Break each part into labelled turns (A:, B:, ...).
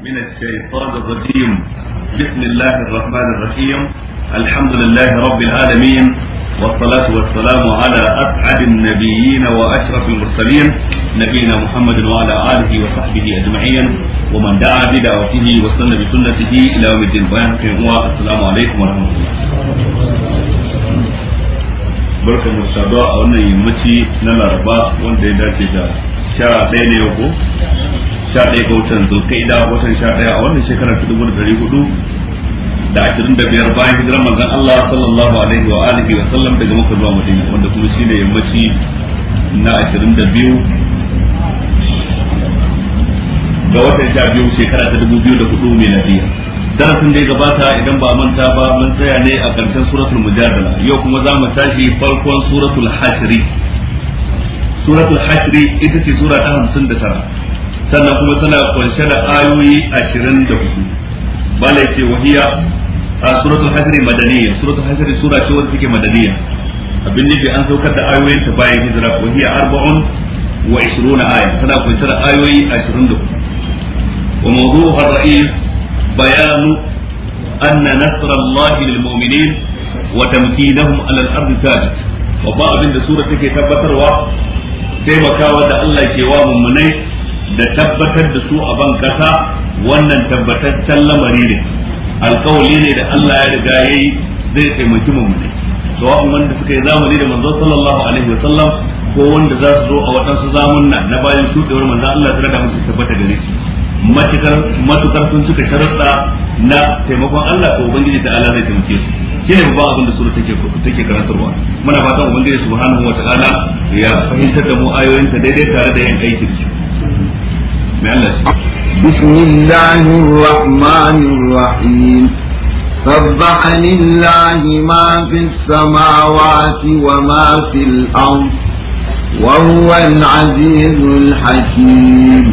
A: من الشيطان الرجيم بسم الله الرحمن الرحيم الحمد لله رب العالمين والصلاة والسلام على أسعد النبيين وأشرف المرسلين نبينا محمد وعلى آله وصحبه أجمعين ومن دعا بدعوته وسن بسنته إلى يوم الدين والسلام عليكم ورحمة الله barkan mu saduwa a wannan yammaci na laraba wanda ya sha ɗaya ga watan da watan sha ɗaya a wannan shekarar ta dubu da ɗari hudu da ashirin da biyar bayan hijirar manzon Allah sallallahu alaihi wa alihi wa sallam daga Makka zuwa Madina wanda kuma shi ne yammaci na ashirin da biyu ga watan sha biyu shekara ta dubu biyu da hudu miladiya darasin da ya gabata idan ba manta ba mun tsaya ne a ƙarshen suratul mujadala yau kuma za mu tashi farkon suratul hashri suratul hashri ita ce sura ta hamsin da tara sannan kuma tana kunshe da ayoyi ashirin 24 bala ce wahiya a suratul hasr madaniya suratul hasr sura ce wanda take madaniya abin nufi an saukar da ayoyin ta bayan hijira wahiya arba'un wa 20 aya tana kunshe da ayoyi ashirin 24 wa mawdu'uha ar-ra'is bayanu anna nasra Allah lil mu'minin wa tamkinahum 'ala al-ardi sajid babba abin da sura take tabbatarwa taimakawa da Allah ke wa mummunai da tabbatar da su a ban kasa wannan tabbataccen lamari ne alkawali ne da Allah ya riga ya yi zai taimaki mu ne sawa'un wanda suka yi zamani da manzo sallallahu alaihi wasallam ko wanda za su zo a waɗansu zamunna na bayan da manzo Allah tare da musu tabbata gare shi matukar matukar sun suka sharaɗa na taimakon Allah ko ubangiji da Allah zai taimake su ne babban abin da su take take karantarwa muna fatan ubangiji subhanahu wataala ya fahimtar da mu ayoyinta daidai tare da yin aikin su بسم
B: الله الرحمن الرحيم سبح لله ما في السماوات وما في الأرض وهو العزيز الحكيم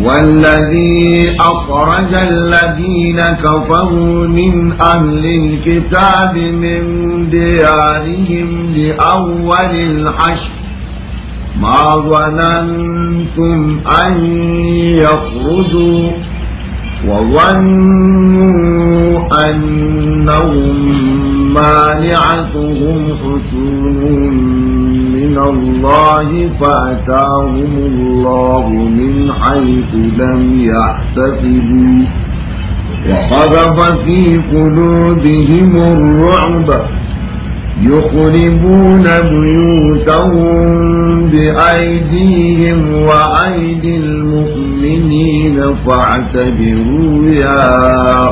B: والذي أخرج الذين كفروا من أهل الكتاب من ديارهم لأول الحشر ما ظننتم أن يخرجوا وظنوا أنهم مانعتهم حسنهم من الله فأتاهم الله من حيث لم يحتسبوا وقذف في قلوبهم الرعب يخربون بيوتهم بأيديهم وأيدي المؤمنين فاعتبروا يا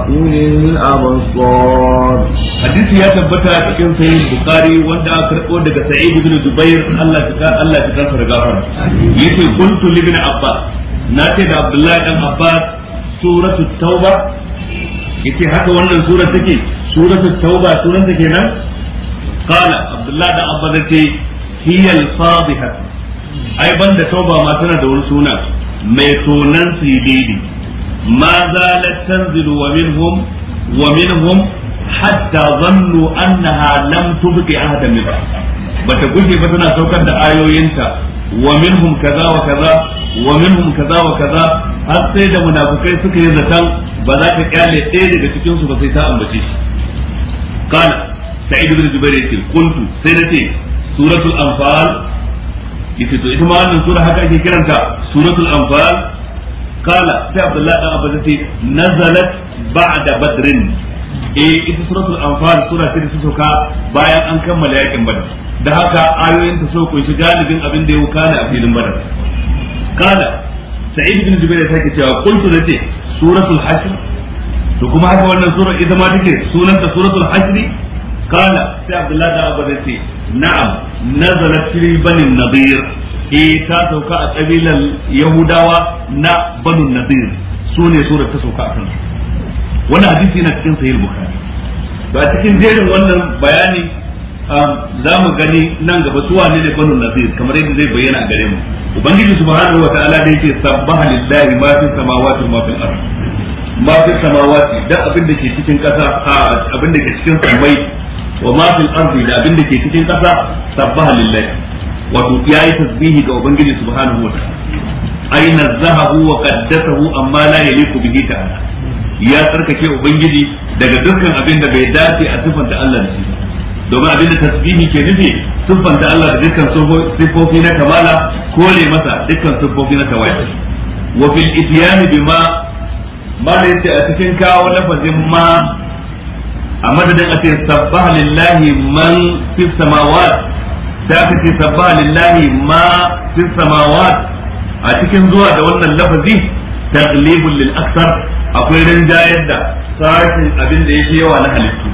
B: أولي الأبصار
A: حديث يا تبتا تكون سيد البخاري وانت أكرقون دك سعيد بن جبير الله تكار الله تكار فرقاهم يسي قلت لابن عباس ناتي عبد الله بن عباس سورة التوبة يسي حتى وانا سورة تكي سورة التوبة سورة تكي نعم قال عبد الله بن عباس هي الفاضحة ai ban da tauba ma tana da wani suna mai tonan sididi ma zalat tanzilu wa minhum wa minhum hatta zannu annaha lam tubqi ahada min bata guje ba tana saukar da ayoyinta wa minhum kaza wa kaza wa minhum kaza wa kaza har sai da munafukai suka yi zaton ba za ka kyale ɗaya daga cikin ba sai ta ambace shi sa'id ibn jubair yace kuntu sai nace suratul anfal yace to ita ma wannan sura haka ake kiranta suratul anfal sai abdullah dan nazalat ba'da badrin eh ita suratul anfal sura ce da ta soka bayan an kammala yakin badr da haka ayoyin ta galibin abin da ya wuka ne a filin badr kala sa'id ibn cewa kuntu nace suratul to kuma haka wannan sura ita ma take sunanta suratul hashr قال sai abdullahi da abu ce na'am nazalat fi banin nadir eh ta sauka a kabilan yahudawa na banu nadir su ne surar ta sauka a kansu wannan hadisi ba cikin jerin wannan bayani za mu gani nan gaba zuwa ne ne banu nazir kamar yadda zai bayyana a gare mu ubangiji subhanahu wa ta'ala da yake sabbaha lillahi ma fi samawati ma fil ard ma fi samawati da abin da ke cikin kasa a abin da ke cikin samai wa ma fil ardi da abin da ke cikin kasa sabbaha lillahi wato yayi tasbihi ga ubangiji subhanahu wa ta'ala ay nazzahu wa qaddasahu amma la yaliku bihi ta'ala ya tsarkake ubangiji daga dukkan abin da bai dace a sifanta Allah da shi domin abin da tasbihi ke nufi sifanta Allah da dukkan sifofi na kamala kole masa dukkan sifofi na tawaya wa ma a cikin kawo lafazin ma a madadin a ce sabbaha lillahi man fi samawat da aka ce sabbaha lillahi ma fi samawat a cikin zuwa da wannan lafazi taglibun lil aksar akwai rinjayar da sashin abin da yake yawa na halittu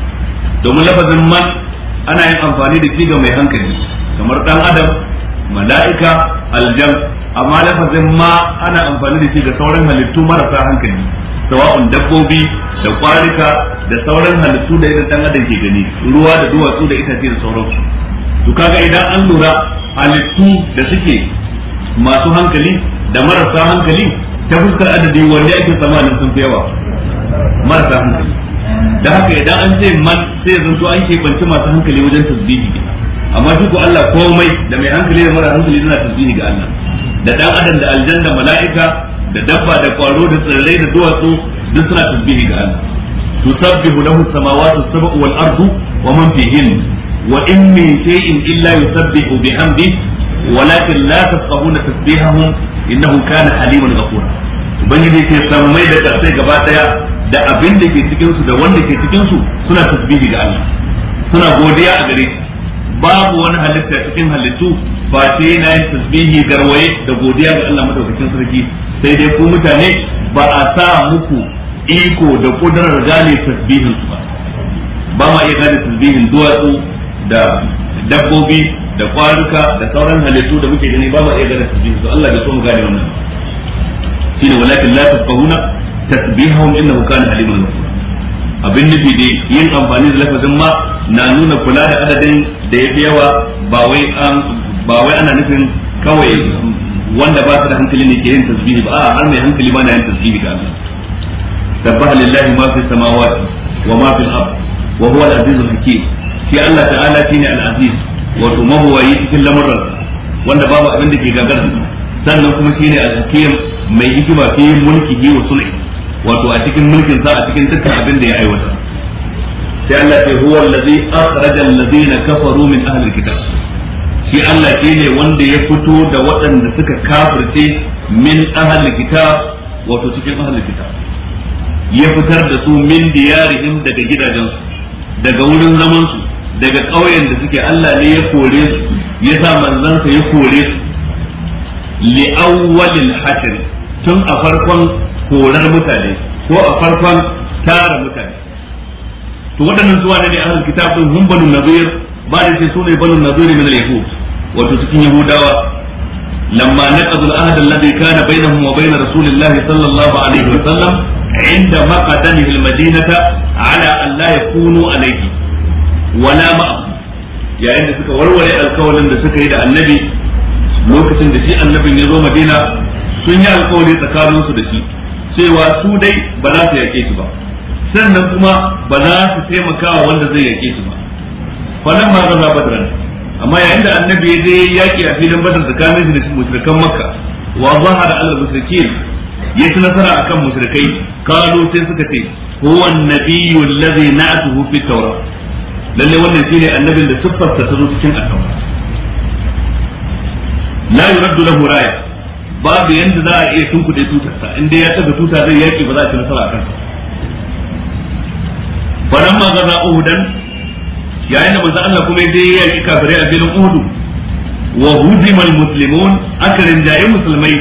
A: domin lafazin man ana yin amfani da shi ga mai hankali kamar dan adam mala'ika aljan amma lafazin ma ana amfani da shi ga sauran halittu marasa hankali sawa'un dabbobi da kwarika da sauran halittu da irin dan adam ke gani ruwa da duwatsu da itace da su to kaga idan an lura halittu da suke masu hankali da marasa hankali ta fuskar adadi wanda ake tsammanin sun fi yawa marasa hankali da haka idan an ce man sai to an banci masu hankali wajen tasbihi amma duk Allah komai da mai hankali da mara hankali yana tasbihi ga Allah da dan adam da aljanna mala'ika da dabba da kwaro da tsirrai da duwatsu duk suna tasbihi ga Allah tusabbihu lahu samawati sab'u wal ardu wa man fihin wa in min shay'in illa yusabbihu bihamdi walakin la tafqahuna tasbihahum innahu kana haliman ghafura ubangiji ce sammai da kasai gaba daya da abin da ke cikin su da wanda ke cikin su suna tasbihi ga Allah suna godiya a gare shi babu wani halitta cikin halittu ba sai na yi tasbihi garwaye da godiya ga Allah madaukakin sarki sai dai ku mutane ba a sa muku iko da kudurar gane tasbihin su ba ba ma iya gane tasbihin duwatsu da dabbobi da kwaruka da sauran halittu da muke gani ba ma iya gane tasbihin su Allah ya so mu gane wannan shine walakin la tafahuna tasbihahum innahu kana alimun ghafur abin nufi dai yin amfani da lafazin ma na nuna kula da adadin da ya fi yawa ba wai ana nufin kawai wanda ba su da hankali ne ke yin tasbihi ba a har mai hankali ba na yin tasbihi ga Allah tabbaha lillahi ma fi samawati wa ma fi al-ard wa huwa al-aziz al-hakim shi Allah ta'ala shine al-aziz wato yi cikin lamuran wanda babu abin da ke gagarin sannan kuma shine al-hakim mai hikima fi mulkihi wa sulhi wato a cikin mulkin sa a cikin dukkan abin da ya aiwata sai Allah ce huwa allazi akhraja allazina kafaru min ahli kitab shi Allah ne wanda ya fito da waɗanda suka kafirce min ahli kitab wato cikin ahli kitab ya fitar da su min diyarihim daga gidajensu daga wurin zaman su daga ƙauyen da suke Allah ne ya kore su ya sa manzansa ya kore su li awwalil hashr tun a farkon korar mutane ko a farkon tara mutane to waɗannan zuwa ne a kitab sun hum banu ba da ce sune banu nadir min al-yahud wato cikin yahudawa lamma naqadul ahd alladhi kana bainahum wa bain rasulillah sallallahu alaihi wa sallam inda maqadanihi al-madinata ala an la yakunu alayhi wala ma yayin da suka warware alkawarin da suka yi da annabi lokacin da shi annabin ya zo madina sun yi alkawari tsakaninsu da shi cewa su dai ba za su yake su ba sannan kuma ba za su taimaka wa wanda zai yake su ba falan ma gaza badran amma yayin da annabi ya je yaki a filin badar tsakanin shi da mushrikan makka wa zahara al mushrikin ya ci nasara akan mushrikai kalu sai suka ce huwa an-nabiyyu alladhi na'tuhu fi tawrat lalle wannan shine annabin da siffar ta zo cikin at-tawrat la yuraddu lahu raya babu yanda za a iya tunkuɗe tutarsa in dai ya tsaga tuta zai yaki ba za a ci nasara a kansa baran ma gaza uhudan yayin da manzo Allah kuma dai ya yaki kafirai a filin uhudu wa huzima almuslimun aka rinjaye musulmai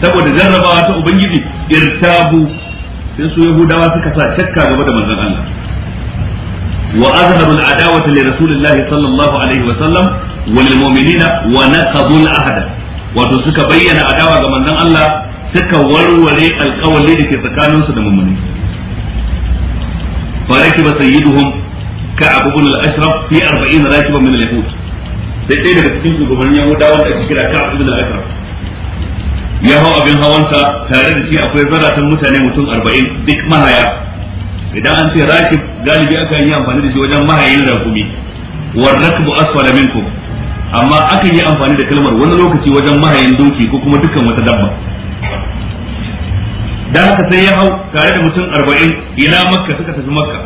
A: saboda jarrabawa ta ubangiji irtabu sai su yahudawa suka sa shakka gaba da manzon Allah wa azharu al-adawata li rasulillahi sallallahu alaihi wa sallam wal wa wato suka bayyana adawa ga manzon Allah suka warware alƙawari da ke tsakaninsu da mummuni faraki ba sayyiduhum ka'ab ibn al-ashraf fi 40 rakiban min al-yahud sai dai daga cikin shugabannin yahudawa da ake kira ka'ab ibn al-ashraf ya hau abin hawansa tare da shi akwai zaratan mutane mutum 40 duk mahaya idan an ce rakib galibi aka yi amfani da shi wajen mahayin rakumi wa rakbu asfala minkum amma akan yi amfani da kalmar wani lokaci wajen mahayin doki ko kuma dukkan wata dabba da haka sai ya hau tare da mutum arba'in ila makka suka tafi makka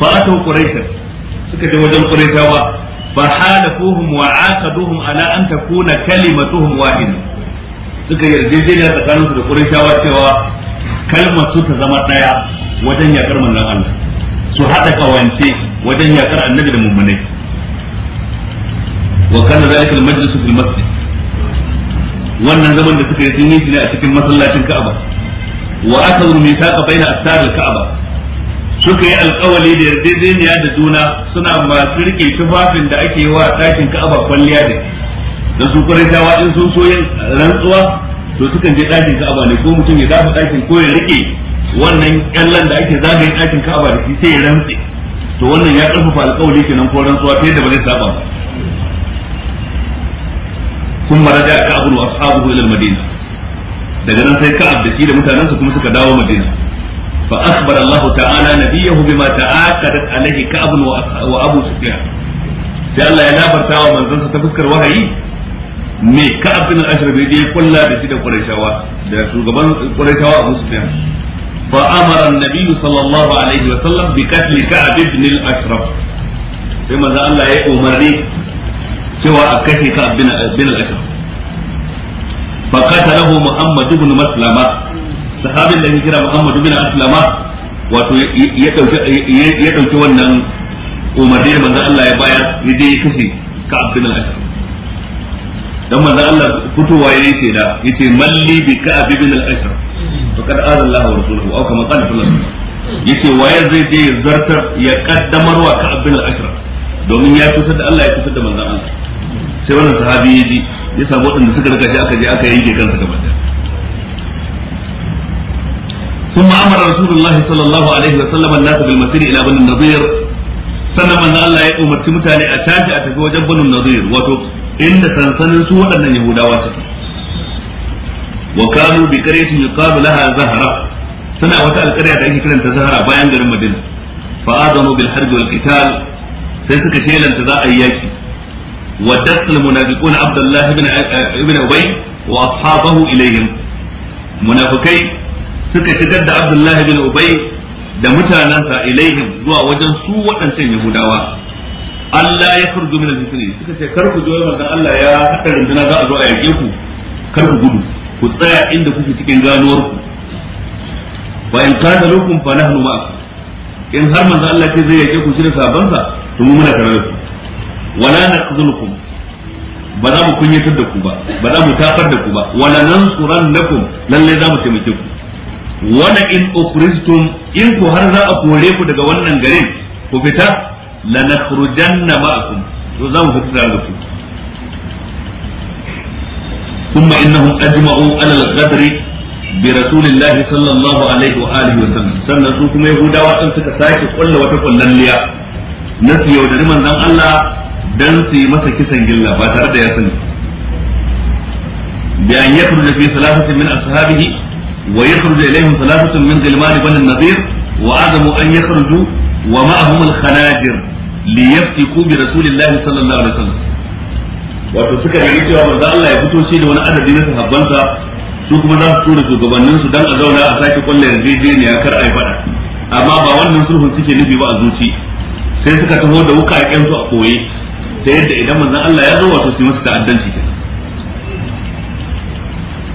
A: fa atau quraisha suka je wajen quraishawa fa halafuhum wa aqaduhum ala an takuna kalimatuhum wahida suka yarjejeniya tsakanin su da quraishawa cewa kalmar su ta zama daya wajen yakar manzon Allah su hada kawance wajen yakar annabi da mummunai wa kana zalika al-majlis fil masjid wannan zaman da suka yi sun yi shi ne a cikin masallacin Ka'aba wa akawru mithaqa baina asar al-Ka'aba suka yi alƙawali da yarjejeniya da juna suna masu rike tufafin da ake wa ɗakin Ka'aba kwalliya da da su kuretawa in sun so yin rantsuwa to sukan je ɗakin Ka'aba ne ko mutum ya dafa ɗakin ko ya rike wannan kyallan da ake zagaye ɗakin Ka'aba da shi sai ya rantse to wannan ya karfafa alƙawari kenan ko rantsuwa ta yadda ba zai saba ثم رجع كعب واصحابه الى المدينه daga nan sai ka'ab da shi da mutanensa kuma suka dawo madina fa akhbara Allah ta'ala nabiyahu bima ta'aqadat alayhi ka'ab wa abu sufyan sai Allah ya labarta wa manzansa ta fuskar wahayi me ka'ab bin al-ashraf ya kulla da shi da Quraishawa da shugaban Quraishawa abu sufyan fa amara an-nabiy sallallahu alaihi wa sallam bi qatl ka'ab bin al-ashraf sai manzo Allah ya umarni cewa a kashe ka bin al muhammad ibn maslama sahabin da kira muhammad ibn wato ya dauki ya dauki wannan umarni manzo Allah ya bayar ya je kashe ka bin al dan manzo Allah fitowa yayi ce da yace malli bi ka bin al faqad wa rasuluhu aw kama qala sallallahu
C: alaihi
A: yace waye zai je zartar ya kaddamar wa ka domin ya kusa da Allah ya kusa da Allah sai wannan sahabi ya ji ya samu waɗanda suka raka shi aka je aka yanke kansa gaba ɗaya ثم امر رسول الله صلى الله عليه وسلم الناس بالمسير الى بني النضير sannan manzo Allah ya umarci mutane a tashi a tafi wajen banu nadir wato inda sansanin su waɗannan yahudawa suke wa kanu bi qaryatin yuqalu laha zahra sana wata alƙarya da ake kiranta zahra bayan garin madina fa adamu bil harbi wal qital sai suka shelanta za a yi yaki ودخل المنافقون عبد الله بن ابن ابي واصحابه اليهم منافقين suka shigar da Abdullah bin Ubay da mutanansa ilaihim zuwa wajen su waɗancan Yahudawa Allah ya furgo min al-fitri suka ce kar ku je manzon Allah ya hada runduna za a zo a yake ku kar ku gudu ku tsaya inda kuke cikin ganuwar ku wa in kana lakum fa nahnu ma'akum in har manzon Allah ce zai yake ku shi da sabansa to mu muna tare da ku wala naqzunukum ba za mu kunyatar da ku ba ba za mu tafar da ku ba wala nansurannakum lalle za mu taimake ku wala in ukhrijtum in ku har za a kore ku daga wannan garin ku fita lanakhrujanna ma'akum to za mu fita da ku ثم إنهم أجمعوا على الغدر برسول الله صلى الله عليه وآله وسلم سنة يهودا وأن سكساك قل وتقل لن نسي يودر الله dan su yi masa kisan gilla ba tare da ya sani bi an yakhruj fi salafatin min ashabihi wa yakhruj ilayhim salafatun min gilman ibn an-nadir wa adamu an yakhruju wa ma'ahum al-khanajir li yaftiku bi rasulillahi sallallahu alaihi wasallam wato suka yi cewa manzo Allah ya fito shi da wani adadi na sahabbansa su kuma za su tura shugabannin su dan a zauna a sake kullu yarjejeniya kar ai fada amma ba wannan sulhun suke nufi ba a zuci sai suka taho da wuka a su a koyi ta yadda idan manzon Allah ya zo wato su masa ta'addanci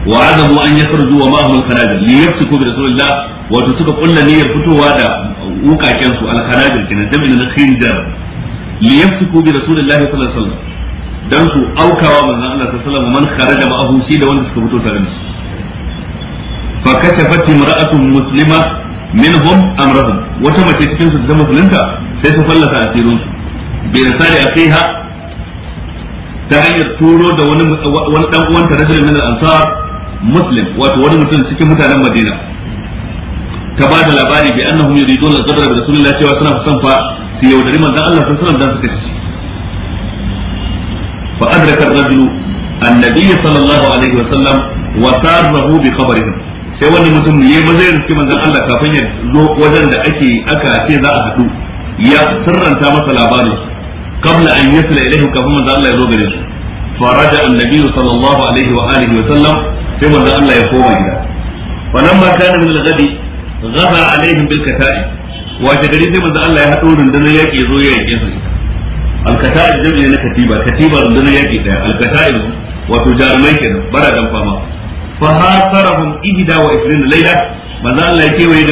A: wa azabu an yakhruju wa ma al-khanabir li yafsiku bi rasulillah wato suka kulla niyyar fitowa da wukaken su al-khanabir kenan jami'in na khinjar li yafsiku bi rasulillah sallallahu alaihi wasallam dan su aukawa manzon Allah sallallahu alaihi wasallam man kharaja ma'ahu shi da wanda suka fito tare da shi fa kashafat imra'atun muslima minhum amrahum wata mace cikin su da musulunta sai ta fallasa asirin su bi risali akhiha ta hanyar turo da wani wani dan uwanta rajul min al-ansar muslim wato wani mutum cikin mutanen Madina ta ba da labari bi annahum yuridun al-qadra bi rasulillah cewa suna son fa su yaudari manzon Allah sun alaihi wasallam dan suka ci fa adraka ar-rajulu annabi sallallahu alaihi wasallam wa sarrahu bi khabarihim sai wani mutum ne ba zai riski manzon Allah kafin ya zo wajen da ake aka ce za a haɗu ya sirranta masa labarin qabla an yasla ilaihim kafin manzo Allah ya zo jarumai kenan bara dan fama wa 20 layla manzo ya kewaye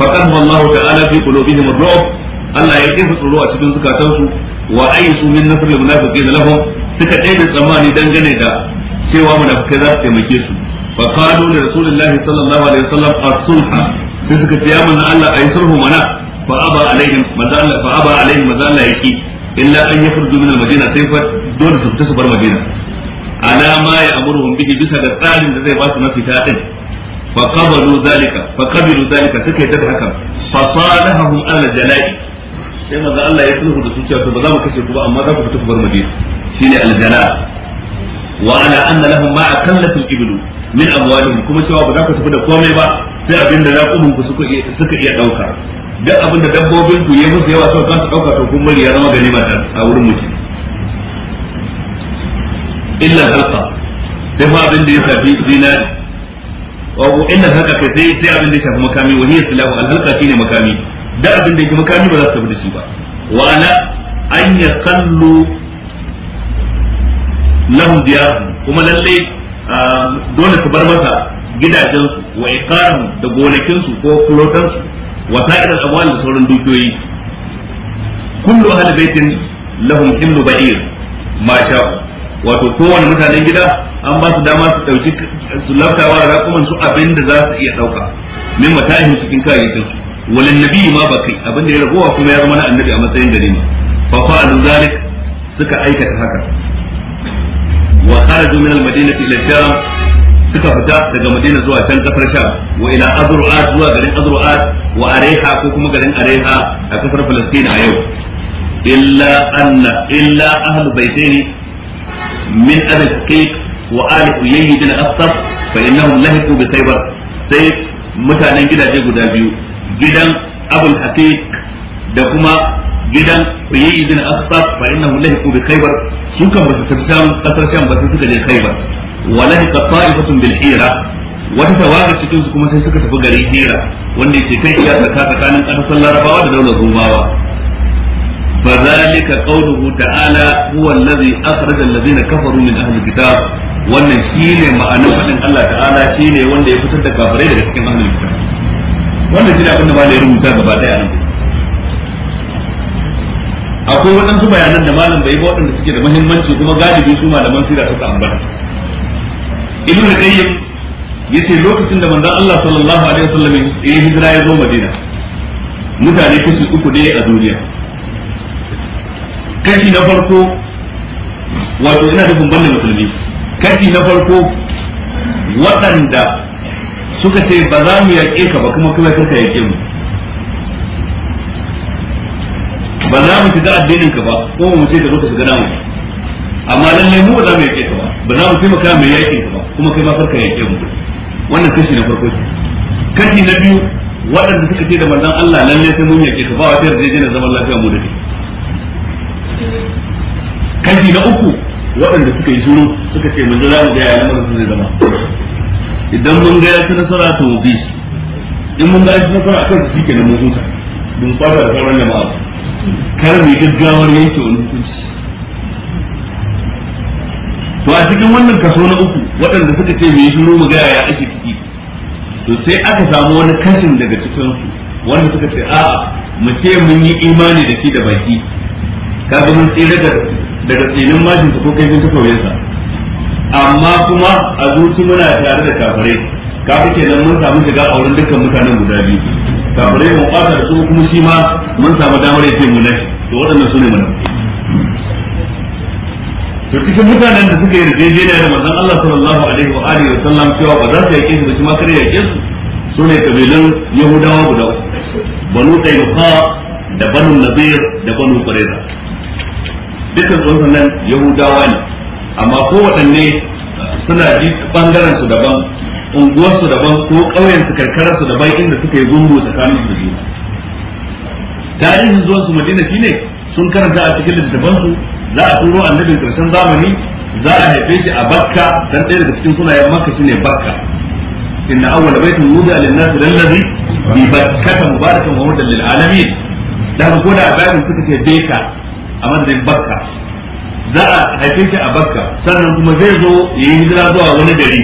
A: ta'ala fi Allah ya jefa tsoro a cikin zukatansu wa ayyisu min nasril munafiqin lahum suka daina tsammani dangane da cewa munafikai za su taimake su fa qalu li rasulillahi sallallahu alaihi wasallam as-sulha sai suka ce ya manzo Allah ayi sulhu mana fa aba alaihim manzo Allah fa aba alaihim manzo Allah illa an yakhruju min almadina madina sai fa dole su fita su bar madina ala ma ya'muruhum bihi bisa da tsarin da zai ba su na fita din fa qabalu zalika fa qabilu zalika suka yi haka fa salahahum ala jala'i sai manzo Allah ya sulhu da su cewa to ba za mu kashe ku ba amma za ku fita ku bar Madina shine aljala wa ana anna lahum ma akallatul iblu min amwalihim kuma cewa ba za ku tafi da komai ba sai abin da ku suka iya suka iya dauka duk abin da dabbobin ku ya musu yawa sau dauka to kun bari ya zama ganima a wurin illa halqa sai ma abin da ya shafi dinari wa inna halqa kai sai abin da ya tafi makami wa hiya silahu al halqa shine makami da abin da yake makami ba za su tafi da shi ba wa ana an ya kallo lahum diyarhum kuma lalle ah, dole su bar masa gidajensu wa iqarahum da gonakinsu ko fulotansu wa sa'ir al-amwal da sauran dukiyoyi kullu ahli baitin lahum hillu ba'ir ma sha'u wato kowane mutanen gida an ba su dama su dauki su laftawa raƙuman su abin da za su iya dauka min matahin cikin kayayyakin su walin nabi ma ba kai abin da ya ragowa kuma ya zama na annabi a matsayin ganima fa fa'alu zalik suka aikata haka wa kharaju min al-madinati ila sham suka fita daga madina zuwa can kasar sham wa ila azru'at zuwa garin azru'at wa areha ko kuma garin areha a kasar falastin a yau illa anna illa ahlul baitaini min al-qiq wa ali ulayyi bin fa innahum lahiqu bi khaybar sai mutanen gidaje guda biyu gidan abul haqiq da kuma gidan uyayi bin asfar fa innahu lahiqu bi khaybar su kan ba su tafi samun kasar sham ba sai suka je khaybar wa lahiqa bil hira wata tawagar cikin su kuma sai suka tafi gari hira wanda yake kai iya tsaka tsakanin kasar larabawa da daular rumawa فذلك قوله تعالى هو الذي أخرج الذين كفروا من أهل الكتاب wannan shine ma'anar faɗin Allah ta'ala shine wanda ya fitar da kafirai daga cikin ahlul wanda shi ne abin da malam ya rubuta gaba daya nan akwai waɗansu bayanan da malam bai ba waɗanda suke da muhimmanci kuma galibi su malaman sira suka ambata ibnu qayyim yace lokacin da manzon Allah sallallahu alaihi wasallam ya hijira ya zo Madina mutane kusa uku ne a duniya kashi na farko wato ina da bambanin musulmi kashi na farko waɗanda suka ce ba za mu yaƙe ka ba kuma kuma kanka yaƙe mu ba za mu shiga addinin ka ba ko mu ce ka zo ka shiga namu amma lalle mu ba za mu yaƙe ka ba ba za mu taimaka mai yaƙe ka ba kuma kai ma farka yaƙe mu wannan kashi na farko ce kashi na biyu waɗanda suka ce da manzon Allah lalle sai mun yaƙe ka ba wata na zaman lafiya mu da kai kashi na uku waɗanda suka yi suru suka ce mun za mu ga yayin zai zama idan mun ga ya ci nasara to mu bi shi in mun ga ya ci nasara akan shi kenan mun kusa. mun fara da sauran jama'a kar mu gaggawar yanke wani hukunci to a cikin wannan kaso na uku waɗanda suka ce mai shiru mu ga ya ake ciki to sai aka samu wani kashin daga cikin su wanda suka ce a'a mu ce mun yi imani da shi da baki kaga mun tsira daga tsinin mashin ko kai mun ta kauyensa amma kuma a zuci muna tare da kafirai kafi kenan mun samu shiga a wurin dukkan mutanen guda biyu kafirai mun ɓata da su kuma shi ma mun samu damar yake mu nafi to waɗannan su ne to cikin mutanen da suka yi yarjejeniya da manzon Allah sallallahu alaihi wa alihi wa sallam cewa ba za su yake su kuma kare yake su sune kabilan yahudawa guda banu qainuqa da banu nadir da banu qurayza dukkan su yahudawa ne amma kowaɗanne suna ji ɓangaren su daban unguwar su daban ko ƙauyen su karkarar su daban inda suka yi gungu tsakanin su biyu tarihin zuwan su madina shine sun karanta a cikin littattafan su za a turo annabin karshen zamani za a haife shi a bakka dan ɗaya daga cikin sunayen makka shine bakka inna awwala baitin wuda lin nas lillazi bi mu mubarakan wa hudan lil alamin da ko da bayan suka ce beka a madadin bakka za a haife shi a bakka sannan kuma zai zo ya yi hijira zuwa wani gari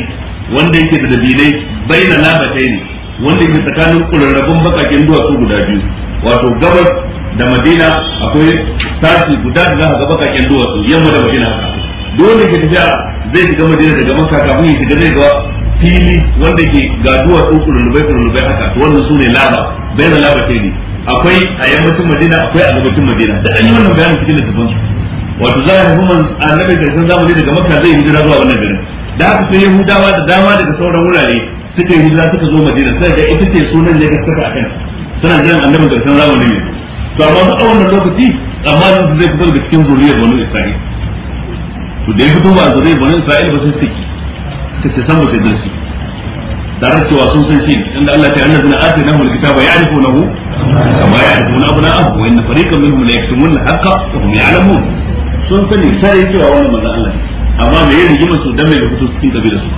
A: wanda yake da dalilai bai na labatai ne wanda yake tsakanin kurarrabun bakakin duwatsu guda biyu wato gabas da madina akwai sashi guda da za a ga bakakin duwatsu yamma da madina haka dole ke tafiya zai shiga madina daga makka kafin ya shiga zai ga fili wanda ke ga duwatsu kurarrabai kurarrabai haka wannan su ne laba bai na labatai ne akwai a yammacin madina akwai a gabacin madina da an yi wannan bayanin cikin littafin su wato za a hukumar annabi karshen zamani daga makka zai hijira zuwa wannan garin da haka sai yahudawa da dama daga sauran wurare suka yi hijira suka zo madina sai ga ita ce sunan da gaskata a kan suna jiran annabi karshen zamani ne to amma su a wannan lokaci amma su zai fito daga cikin zuriyar banu isra'il to da ya fito ba zuriyar banu isra'il ba sun saki ta ce san ba sai dinsu tare cewa sun san shi inda Allah ta annabi na atina hul kitaba ya'rifunahu kama ya na ya'rifuna abna'ahum wa inna fariqan minhum la yaktumuna al-haqqa wa hum ya'lamun sun sani sai cewa wannan manzon Allah amma me yake rigimar su dan mai da fito cikin kabilar su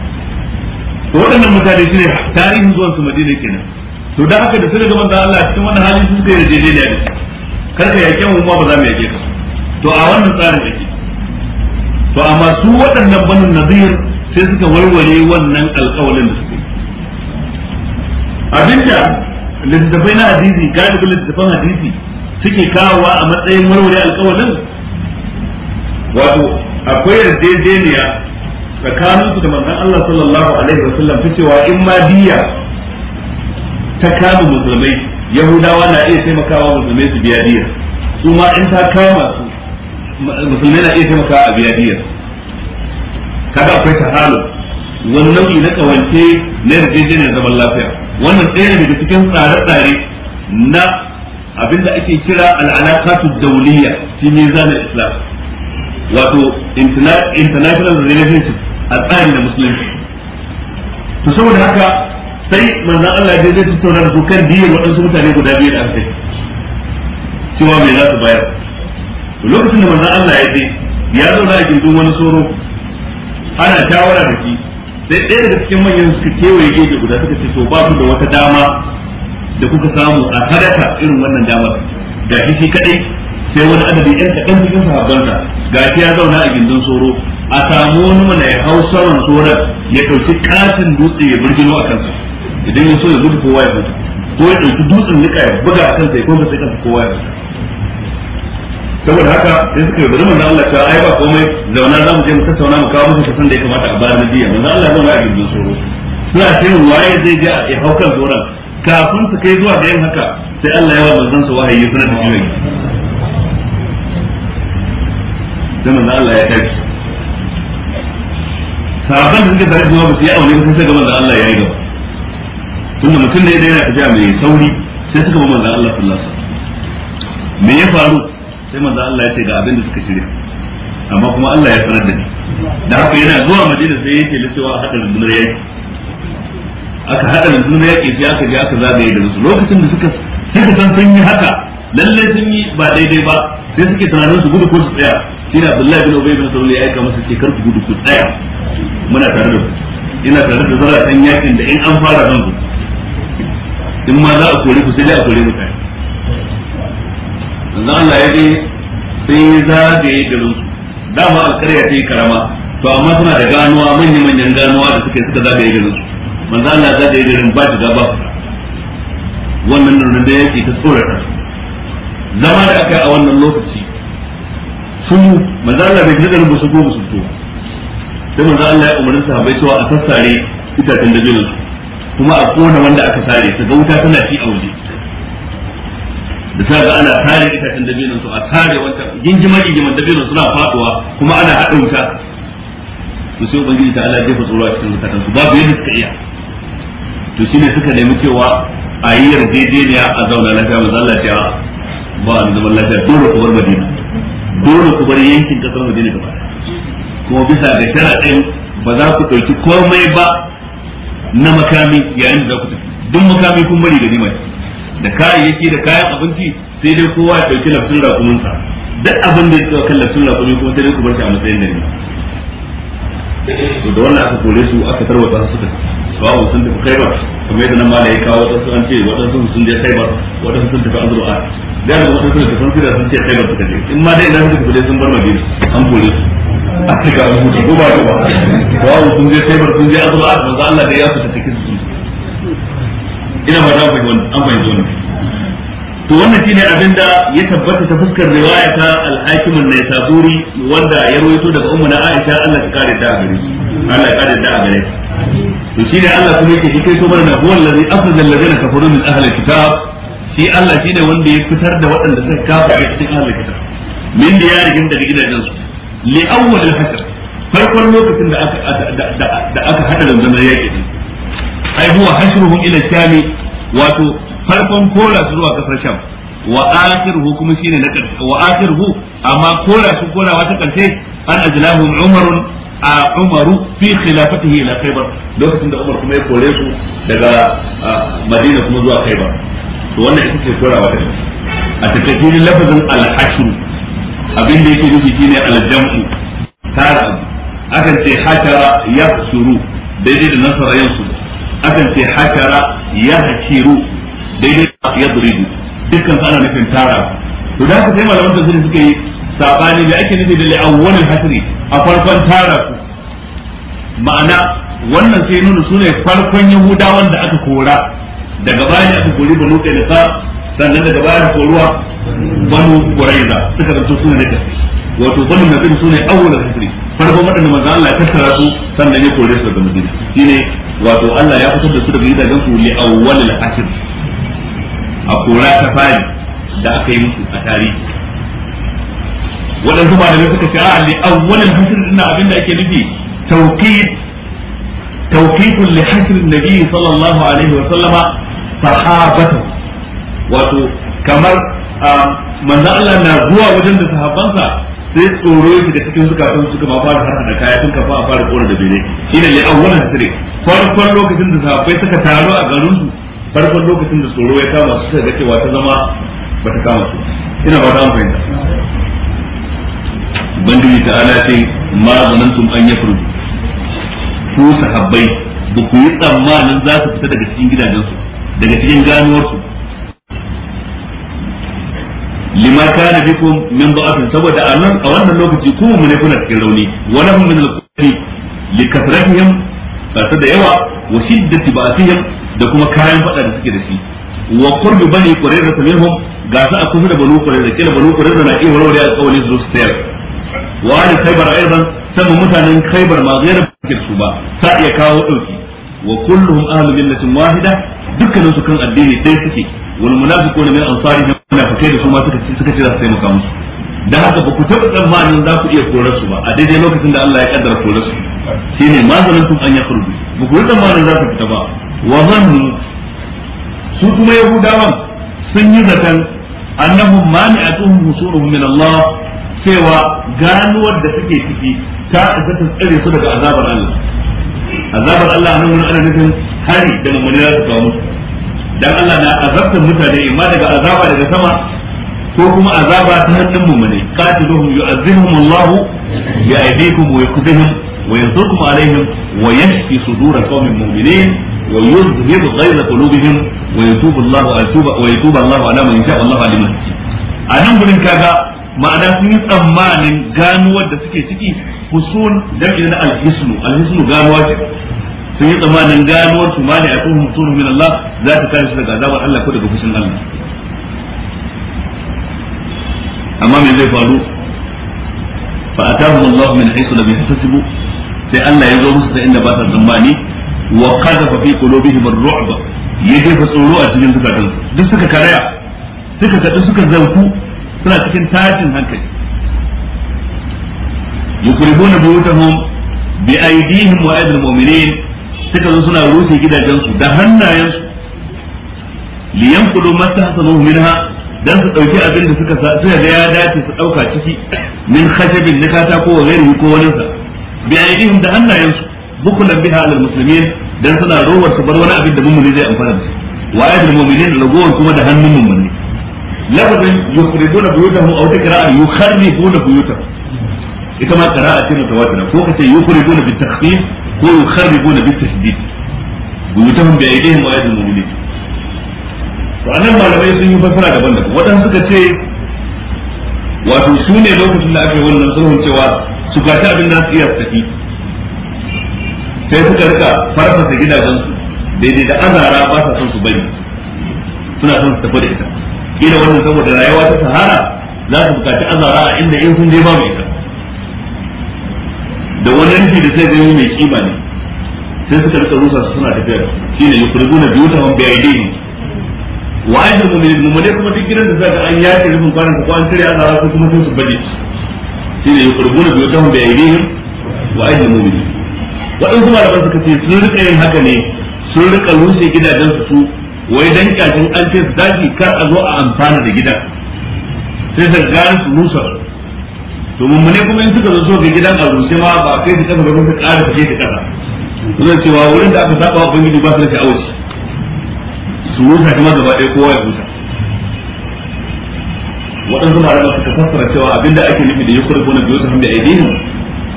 A: to waɗannan mutane shine tarihin zuwan su Madina kenan to da haka da sun ga manzon Allah cikin wannan hali sun kai da jeje ne kar ka yake mu ba za mu yake ka to a wannan tsarin yake to amma su waɗannan banin nazir sai suka warware wannan alƙawalin da suke yi abinda littattafai na hadisi galibin littattafan hadisi suke kawowa a matsayin warware alƙawalin wato akwai yarjejeniya tsakanin su da manzon Allah sallallahu alaihi wa sallam ta cewa in ma diya ta kama musulmai yahudawa na iya taimakawa musulmai su biya diya su ma in ta kama su musulmai na iya taimakawa a biya diya kada akwai tahalu wani nau'i na kawance na yarjejeniyar zaman lafiya wannan ɗaya daga cikin tsare-tsare na abinda ake kira al'alaqatu dawliya dauliyya. mizan al-islam wato international relationship a tsarin da musulunci to saboda haka sai manzan Allah ya zai tattauna da su kan diyar waɗansu mutane guda biyu da aka cewa mai za su bayar lokacin da manzan Allah ya ce ya zauna a gindin wani tsoro ana shawara da shi sai ɗaya daga cikin manyan suka kewaye gefe guda suka ce to ba su da wata dama da kuka samu a hadaka irin wannan damar da shi kaɗai. sai wani adadi yan kaɗan cikin sahabbanta ga ya zauna a gindin soro a samu wani mana ya hau saman soron ya ɗauki katin dutse ya birgino a kansa idan ya so ya gudu kowa ya gudu ko ya ɗauki dutsen nika ya buga a kansa ya kuma sai kansa kowa ya gudu saboda haka sai suka yi bari manzo Allah ta ai ba komai zauna za mu je mu tattauna mu kawo musu san da ya kamata a bayar na jiya manzo Allah zauna a gindin soro suna sai waye zai je a hau kan tsoron kafin su kai zuwa ga yin haka sai Allah ya wa manzon sa wahayi suna tafiya sai manzo Allah ya tashi sahabban da suka tare da ba su yi aure sai ga manzo Allah ya yi gaba tunda mutum ne da yana tafiya mai sauri sai suka ba da Allah sallallahu alaihi me ya faru sai manzo Allah ya ce ga abin da suka shirya amma kuma Allah ya sanar da ni da haka yana zuwa madina sai yake lissewa hada rundunar yaki aka hada rundunar yaki sai aka je aka zagaye da su lokacin da suka suka san sun yi haka lalle sun yi ba daidai ba sai suke tunanin su gudu ko su tsaya shi na Abdullahi bin Ubay bin Salul ya aika masa ce kar ku gudu ku tsaya muna tare da ku ina tare da san yakin da in an fara zan ku in ma za a kore ku sai dai a kore mutane kai. Allah ya ce sai za yi garin su dama alƙarya ta yi karama to amma suna da ganuwa manyan manyan ganuwa da suke suka suka zagaye garin su manzo Allah yi garin ba da ba wannan nan da yake ta tsorata zama da aka yi a wannan lokaci sun manzo Allah bai jira rubutu ko musu to sai manzo Allah ya umarni sahabbai cewa a sassare itacen dabino kuma a kona wanda aka sare ta ga wuta tana ci a waje da ta ga ana sare itacen dabino su a sare wata gingimar gingimar dabino suna faduwa kuma ana haɗa wuta to sai ubangiji ta Allah ya jefa tsoro a cikin zakatan su babu yadda suka iya to shine suka nemi cewa a yi yarjejeniya a zauna lafiya manzo Allah ya ce ba a zaman lafiya dole ku bar madina dole ku bar yankin kasar madina gaba kuma bisa ga sharaɗin ba za ku ɗauki komai ba na makami yayin da za ku tafi duk makami kun bari da mai da kayayyaki da kayan abinci sai dai kowa ya ɗauki lafsun sa duk abin da ya tsawo kan lafsun raƙumi kuma sai dai ku bar shi a matsayin da nima da wannan aka kore su aka tarwata su suka Bawo sun tafi kai ba kamar yadda nan ma da ya kawo wasu an ce wadansu sun je ba wadansu sun tafi azru'a da yanzu wasu suna tafan fira sun ce taibar suka je in ma dai na suka kuje sun bar madina an kore su afirka an huta ko ba ko ba bawo sun je taibar sun je azuba a manzo Allah da ya ta cikin su ina ba dan fahimta an fahimta wannan to wannan shine abin da ya tabbata ta fuskar riwaya ta al-hakim an-naisaburi wanda ya rawaito daga ummu na Aisha Allah ta kare ta gare Allah ya kare ta gare to shine Allah kuma yake kai to mana na huwa allazi afzal ladina kafaru min ahli kitab shi Allah shine wanda ya fitar da waɗanda suka kafa a cikin ahlul kitab min diyarihim daga gidajen su li awwal al-hasr farkon lokacin da aka da aka hada rundunar yaki din ai huwa hashruhum ila sham wato farkon kola su zuwa kasar sham wa akhiruhu kuma shine na karshe wa akhiruhu amma kora su korawa ta karshe an ajlahum umarun a umaru fi khilafatihi ila khaybar lokacin da umar kuma ya kore su daga madina kuma zuwa khaybar to wannan ita ce sura wata a tattakin lafazin al-hashr abin da yake nufi shine al-jam'u tara akan ce hatara yahsuru daidai da nasara yansu akan ce hatara yahkiru daidai da yadribu dukkan ana nufin tara to da haka sai malaman tafsiri suke yi sabani da ake nufi da li'awwalil hasri a farkon tara ku ma'ana wannan sai nuna sune farkon yahudawan da aka kora daga baya aka kori banu kailaka sannan daga baya aka koruwa banu quraiza suka zanto suna ne kafi wato banu nadir sune awwalul kafiri farkon waɗanda manzo Allah ya tattara su sannan ya kore su daga madina ne wato Allah ya fitar da su daga gidajen su li awwalil asr a kora ta fari da aka yi musu a tarihi waɗansu ba da suka ce a li awwalil asr ina abinda ake nufi tawqit توقيت لحشر النبي صلى الله عليه وسلم sahabatu wato kamar ah, manzo Allah na zuwa wajen da sahabbansa sai tsoro yake da cikin suka sun suka ma fara harka da kaya sun kafa a fara kora da bene shine li awwalan sirri farkon lokacin da sahabbai suka taro a garin su farkon lokacin da tsoro ya kama su sai da cewa ta zama bata kama su ina ba ta amfani ubangiji ta ala ce ma zanantum an yafru Su sahabbai ba ku yi tsammanin za su fita daga cikin gidajen su. daga cikin ganuwarsu. su lima kana bikum min saboda a nan a wannan lokaci kuma ne kuna cikin rauni wa lahum min al li kasratihim ta da yawa wa shiddati ba'atihim da kuma kayan fada da suke da shi wa qurbi bani qurayza minhum ga su a da banu qurayza kila banu qurayza na iya warware alƙawarin su sayar wa ali khaybar aidan saboda mutanen khaybar ma ghayra ba su ba sa iya kawo dauki wa kulluhum ahlu millatin wahida dukkanin su kan addini dai suke wal munafiquna min ansarihim munafiqai da kuma suka suka ce za su taimaka haka ba ku taɓa tsammanin za ku iya korar su ba a daidai lokacin da Allah ya kaddara korar su shine ma sun an yakhruju ba ku tsammanin za su fita ba wa zannu su kuma yahudawan sun yi zaton annahum mani'atuhum husuruhum min Allah cewa ganuwar da suke ciki ta zata tsare su daga azabar Allah azabar Allah nan wani ana nufin hari da mummuni za su kawo musu dan Allah na azabtar mutane imma daga azaba daga sama ko kuma azaba ta hannun mummuni qatiluhum yu'azzimuhum Allah bi aydikum wa yakhdhihim wa yansurkum alaihim wa yashfi sudur qaumin mu'minin wa yuzhib ghayra qulubihim wa yatubu Allah wa yatubu Allah ala man yasha Allah alimun anan gurin kaga ma'ana sun yi tsammanin ganuwar da suke ciki fusul jam'i na al-hisnu al-hisnu ganuwa ce sun yi tsammanin ganuwar su ma da ya kuma min Allah za ta kare shi daga azabar Allah ko daga fushin Allah amma me zai faru fa atahum Allah min haythu lam yahtasibu sai Allah ya zo musu ta inda ba ta tsammani wa qadafa fi qulubihim ar-ru'ba ya jefa tsoro a cikin zukatan duk suka karaya suka kadu suka zauku suna cikin tashin hankali yukribuna buyutahum bi aydihim wa aydil mu'minin rufe gidajensu da hannayensu liyanqudu mastahsanuhu minha dan su dauki abin suka suka ga ya dace su dauka ciki min khashabin na katako wa ghairihi ko wani sa bi da hannayensu bukulan biha alal muslimin suna rowar su bar wani abin da mummuni zai amfana da shi kuma da hannun mummuni lafazin yukhribuna buyutahum aw tikra'a ita ma qira'a ce mutawatira ko kace yukhrijuna bit takhfif ko yukharrijuna bit tasdid gutahum bi aydihim wa aydil mu'minin to anan malamai sun yi fassara daban-daban wadanda suka ce wato su ne lokacin da aka wannan sulhun cewa su gaci abin da iya saki. sai suka rika farfasa gidajen su daidai da azara ba sa son su bari suna son su tafi da ita kila wannan saboda rayuwa ta sahara za su bukaci azara a inda in sun je babu ita da wani yanki da sai zai mai kima ne sai suka rika rusa su suna tafiya shine yukhrijuna biyutahum bi aydihim wa ajru mu ne kuma duk gidan da zaka an yaki rufin kwanan ko an tare azara ko kuma sai su bade shine yukhrijuna biyutahum bi aydihim wa wa in kuma da suka ce sun rika yin haka ne sun rika rushe gidajen su wai dan kafin an ce zaki kar a zo a amfana da gidan sai da gane su rusa to mummune kuma in suka zo ga gidan azu sai ma ba kai da kafa ba ka ƙara fice da kasa zai cewa wurin da aka saba wa ubangiji ba su da sha'awar su rusa kuma gaba ɗaya kowa ya rusa waɗansu da suka fassara cewa abinda ake nufi da yukur gona biyu su hambe aidihim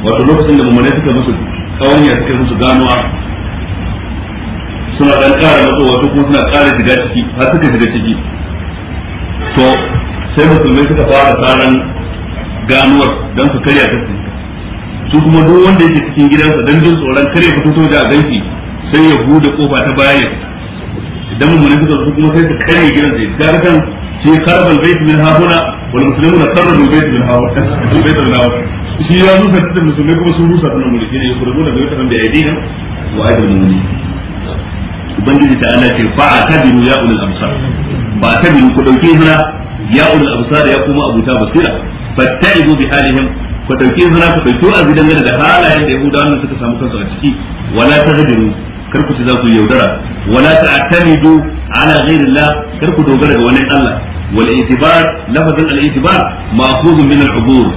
A: wato lokacin da mummune suka musu kawanya suka musu ganuwa suna ɗan ƙara matsowa wato kuma suna ƙara shiga ciki har suka shiga ciki to sai musulmai suka fara tsaron ganuwar don su karya ta su kuma duk wanda yake cikin gidansa don jin tsoron kare ya fito da a shi sai ya bude kofa ta baya idan idan ne fito su kuma sai su kare gidan sai ga kan shi karbal bait min hauna wal muslimuna sarru bait min hauna bait min hauna shi ya rusa da musulmai kuma sun rusa nan mulki ne kurbu da bait da aidina wa aidin ubangiji ta ana ce fa atabiru ya ulul absar ba bin ku dauke hira ya ulul absar ya kuma abuta basira fatta'ibu bi halihim ku dauki zina ku dauki a gidan da halayen da yahudawa nan suka samu kansu a ciki wala tahdiru kar ku ci za ku yaudara wala ta'tamidu ala ghairillah kar ku dogara ga wani Allah wal itibar lafazin al itibar ma'khudun min al ubur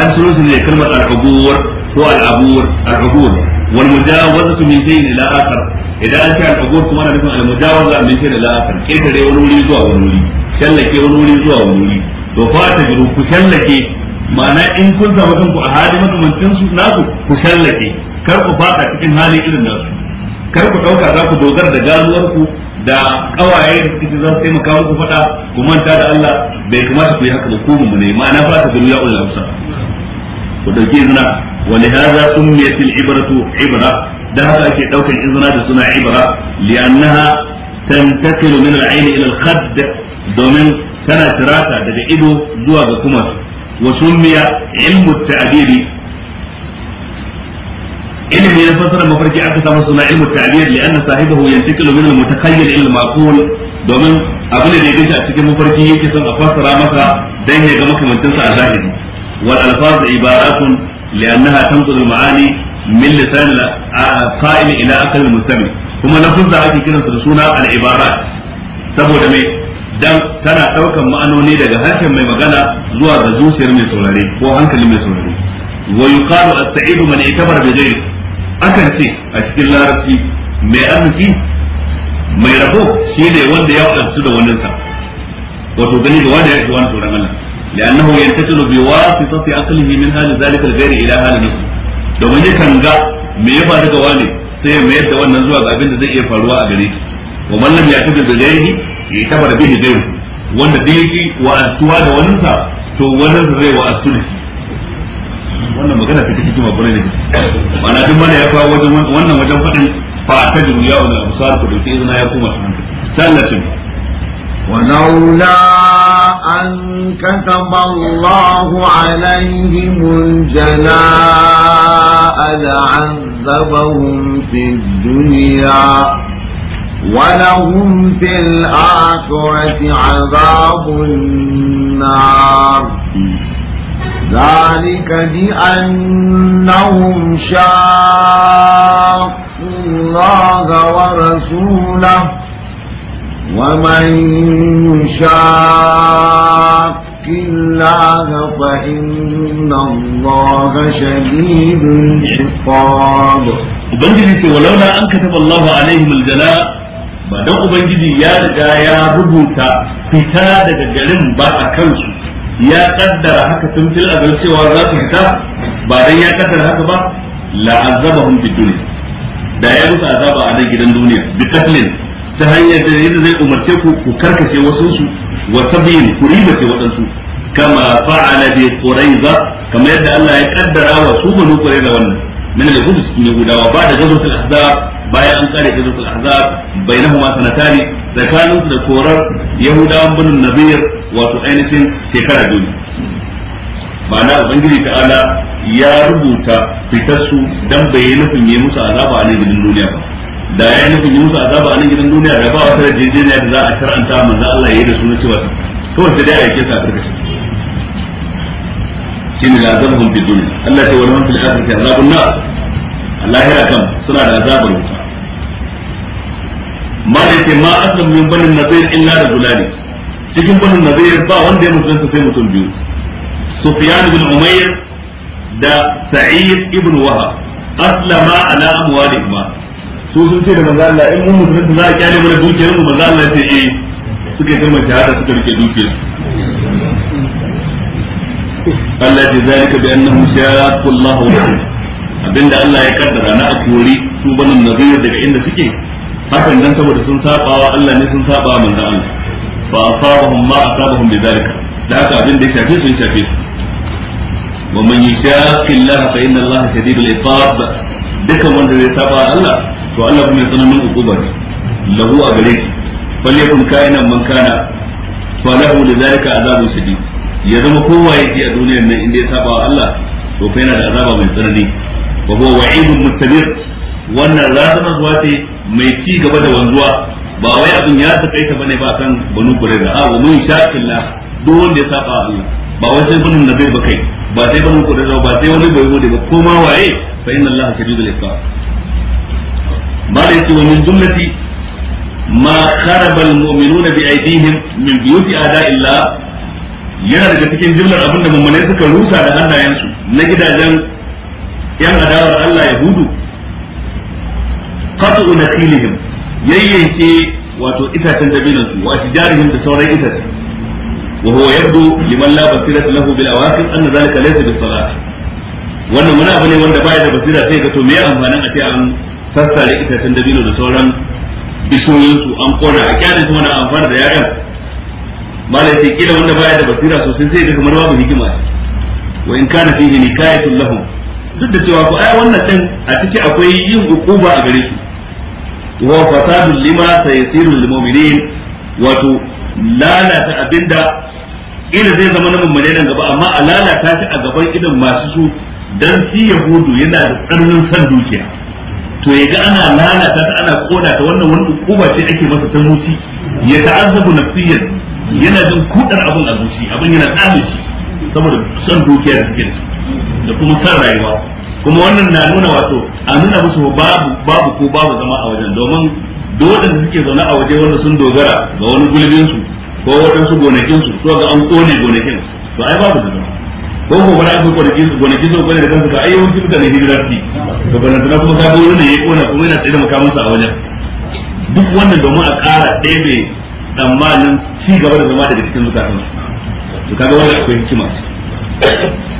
A: an sunu ne kalmar al ubur ko al abur al ubur wal mujawazatu min shay'in ila akhar idan an ce al ubur kuma ana nufin al mujawaza min shay'in ila akhar ketare wani wuri zuwa wani wuri shallake wani wuri zuwa wani wuri to fa ta jiru ku shallake ma'ana in kun samu kanku a hali makamantin su naku ku shallake kar ku fada cikin hali irin nasu kar ku dauka za ku dogara da ganuwar ku da kawaye da suke za su taimaka muku fada ku manta da Allah bai kamata ku yi haka ba ku mu ne ma'ana fa ta jiru ya ulla musa ku dauki izina wa li hadha summiyat al ibratu ibra da haka ake daukan izina da suna ibra li annaha tantakilu min al ayn ila al khadd domin tana tirata daga ido zuwa ga kuma wa sumiya ilmu ta'biri ilmi na fasara mafarki aka samu suna ilmu ta'bir li anna sahibahu yantakilu min al-mutakhayyil ila al-maqul domin abin da yake a cikin mafarki yake son a fassara maka dan ya ga makamantin sa a zahiri wal alfaz ibaratun li annaha tanqulu al-ma'ani min lisan al-qa'il ila aqal al-mustami kuma lafuzza ake kiransa da suna al-ibarat saboda mai dan tana daukan ma'anoni daga harshen mai magana zuwa ga zuciyar mai saurare ko hankali mai saurare wa yuqalu as-sa'idu man i'tabara bi ghayri akan ce a cikin larabci mai arziki mai rabo shine wanda ya wadatu da wannan sa wato gani da wanda ya yi wani tsoron Allah لأنه ينتقل بواسطة عقله hali zalika ذلك الغير ila hali nafsi domin yakan ga me ya faru ga wani sai ya mayar da wannan zuwa ga abin da zai iya faruwa a gare shi wa man lam yaqdir bi ghayrihi ya tabar bihi zai wanda da yake asuwa da waninsa to waninsa zai wa'astu da shi wannan magana ta cikin hikima bare ne ma'ana duk mana ya kawo wajen wannan wajen faɗin fa ta duniya wa al-absar ku dauke izina ya koma
B: sallatin ولولا أن كتب الله عليهم الجلاء لعذبهم في الدنيا ولهم في الآخرة عذاب النار ذلك بأنهم شاقوا الله ورسوله ومن يشاق الله فإن الله شديد الحقاب وبنجلس ولولا أن كتب الله عليهم الجلاء ba dan
A: ubangiji ya riga ya rubuta fita daga garin ba a kansu ya kaddara haka tun fil azal cewa za su fita ba dan ya kaddara haka ba la azabahum bid da ya musu azaba a nan gidan duniya bi qatlin ta hanyar da yadda zai umarce ku ku karkace wasu su wa tabiyin ku ribace wadansu kama fa'ala bi quraiza kamar yadda Allah ya kaddara wa su banu quraiza wannan min al-hubs ne gudawa ba da gazatul ahzab Baya an kare hizu al ahzab bainahuma sanatani tsakanin su da korar yahudawan banu nabir wato ainihin shekara biyu ma'ana ubangiji ta'ala ya rubuta fitarsu su dan bai yi nufin yi musu azaba a nan gidan duniya ba da ya yi nufin yi musu azaba a nan gidan duniya da ba wata yarjejeniya da za a karanta manzo Allah ya yi da su na cewa kawai sai dai a yake sa karkashin shine da azabun duniya? Allah ta wani fil akhirati azabun na? Allah ya kam suna da azabar wuta ma da yake ma aslam min banin nazir illa da gulani cikin banin nazir ba wanda ya musulunta sai mutum biyu sufyan ibn umayr da sa'id ibn wahab aslama ala amwalihima su sun ce da manzo Allah in mun musulunta za a kyale mana dukiyar mu manzo Allah ce eh suka girma shahada suka rike dukiyar Allah ce zalika bi annahum shaqu Allah wa abinda Allah ya kaddara na akuri su banin nazir daga inda suke hakan dan saboda sun sabawa Allah ne sun saba manzon Allah fa asabahum ma asabahum bidalika da haka abin da ya shafe sun shafe su wa man yashaqi Allah fa inna Allah shadidul iqab dukan wanda zai saba Allah to Allah kuma ya tsananin hukuma ne lahu a gare shi falyakun kainan man kana falahu lidalika azabun shadid ya zama kowa yake a duniyar nan inda ya saba wa Allah to fa yana da azaba mai tsanani wa huwa wa'idun mustabir wannan razanarwa ce mai ci gaba da wanzuwa ba wai abin ya ta bane ba kan banu kurayza a wa mun la duk wanda ya saba a ba wai sai banu nabi ba kai ba sai banu da ba sai wani bai gode ba ko ma waye fa inna Allah shadidul iqab ba da yake wa min jumlati ma kharaba al mu'minuna bi aydihim min buyuti a'da illa yana daga cikin jumlar abinda mummune suka rusa da hannayensu na gidajen yan adawar Allah yahudu qat'u nakhilihim yayyanke wato itacen dabinan su wa tijarihim da sauran itace wa huwa yabdu liman la basirata lahu bil awaqib anna zalika laysa bis salah wannan wani abu ne wanda baya da basira sai ga to me amfanin a ce an sassare itacen dabino da sauran bishiyoyin an kona a kyalin su wani amfani da yayan sai wanda baya da basira sosai sai ga kamar hikima wa in ni? fihi nikayatun lahum duk da cewa ko ai wannan din a ciki akwai yin hukuma a gare su wa fasadun lima sayasirul lil mu'minin wato lalata abinda ina zai zama na mummune nan gaba amma a lalata shi a gaban idan masu su dan si yahudu yana da tsarnin san dukiya to ya ana lalata ta ana kona ta wannan wani hukuma ce ake masa ta muci ya ta'azzabu nafsiyan yana jin kudar abin a zuci abin yana tsami saboda san dukiya da suke da kuma san rayuwa kuma wannan na nuna wato a nuna musu babu babu ko babu zama a wajen domin dole da suke zaune a waje wanda sun dogara ga wani gulbin su ko waɗansu gonakin su to ga an kone gonakin to ai babu da zama ko ko bara ko gonakin su gonakin su kone da kansu to ai yawanci ne hijira fi to ban tana kuma ka gori ne ya kona kuma yana tsaye da makamin a wajen duk wannan domin a ƙara ɗebe tsammanin ci gaba da zama daga cikin zukatan su to kaga wannan akwai hikima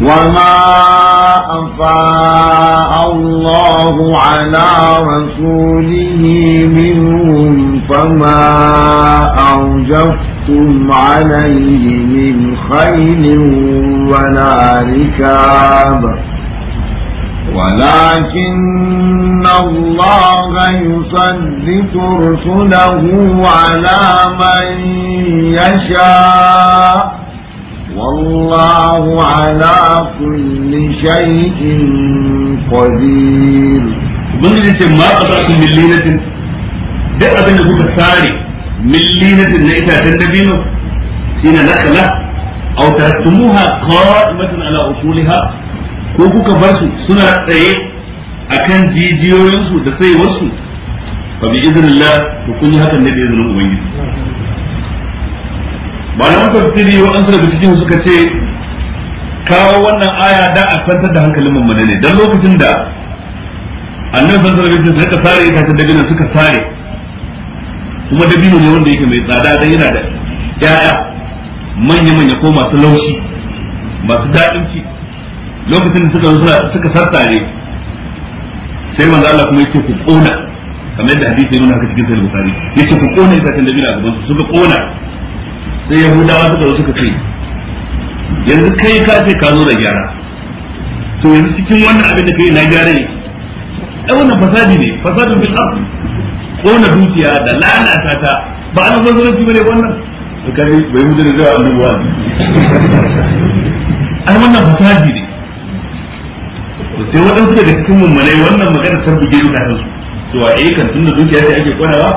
B: وما أفاء الله على رسوله منهم فما أوجفتم عليه من خيل ولا ركاب ولكن الله يسلط رسله على من يشاء والله على كل شيء قدير ubangiji ce ma a tsarkin millinatin duk abin da kuka
A: tsare millinatin na itacen dabino shine nakala aw taraktumuha qa'imatan ala usuliha ko kuka bar su suna tsaye akan jijiyoyinsu da sai wasu fa bi idnillah to hakan ne da izinin malaman tafsiri wa an daga cikin suka ce kawo wannan aya da a kwantar da hankalin mu ne dan lokacin da annan san alaihi wasallam suka sare ita ta dabino suka sare kuma dabino ne wanda yake mai tsada dan yana da yaya manya manya ko masu laushi masu daɗin ci lokacin da suka suka sartare sai manzo Allah kuma yake ku kona kamar yadda hadisi ya nuna haka cikin sahih bukhari yake ku kona ita ta dabino a gaban su suka kona sai yahudawa suka zo suka ce yanzu kai ka ce ka zo da gyara to yanzu cikin wannan abin da kai na gyara ne ai wannan fasadi ne fasadin bil ard kona dukiya da lalata ta ba an zo zuwa cikin wannan to kai bai mu da zuwa annabawa ai wannan fasadi ne to sai waɗansu da cikin mummunai wannan magana ta buge duka su to a eh tunda dukiya sai ake konawa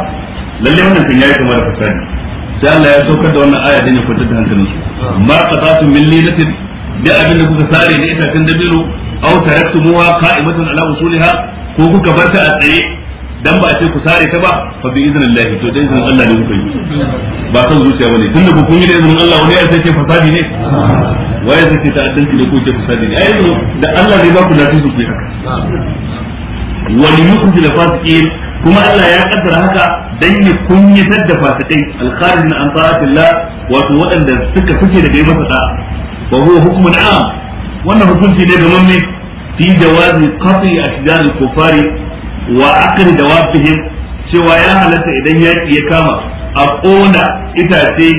A: lalle wannan kan yayi kamar fasadi sai Allah ya saukar da wannan aya din ya kwantar da hankalin su ma qatatu min linatin da abin da kuka sare da itacen dabino aw taraktumuha qa'imatan ala usuliha ko kuka bar ta a tsaye dan ba a ce ku sare ta ba fa bi idnillahi to dai izinin Allah ne kuka yi ba san zuciya bane tunda ku kun yi da izinin Allah wani ya sai ce fasadi ne waye sai ta ta'addanci ne ko ce fasadi ne ai da Allah ne ba ku su ku yi haka wa li fasiqin kuma Allah ya kaddara haka dan ya kunyatar da fasikai al-kharij min antaatillah wato waɗanda suka fice daga yi masa da'a wa huwa hukmun am wannan hukunci ne ga mamme fi jawazi qati ashjar al-kufari wa aqli dawabihim cewa ya halatta idan yaki ya kama a kona itace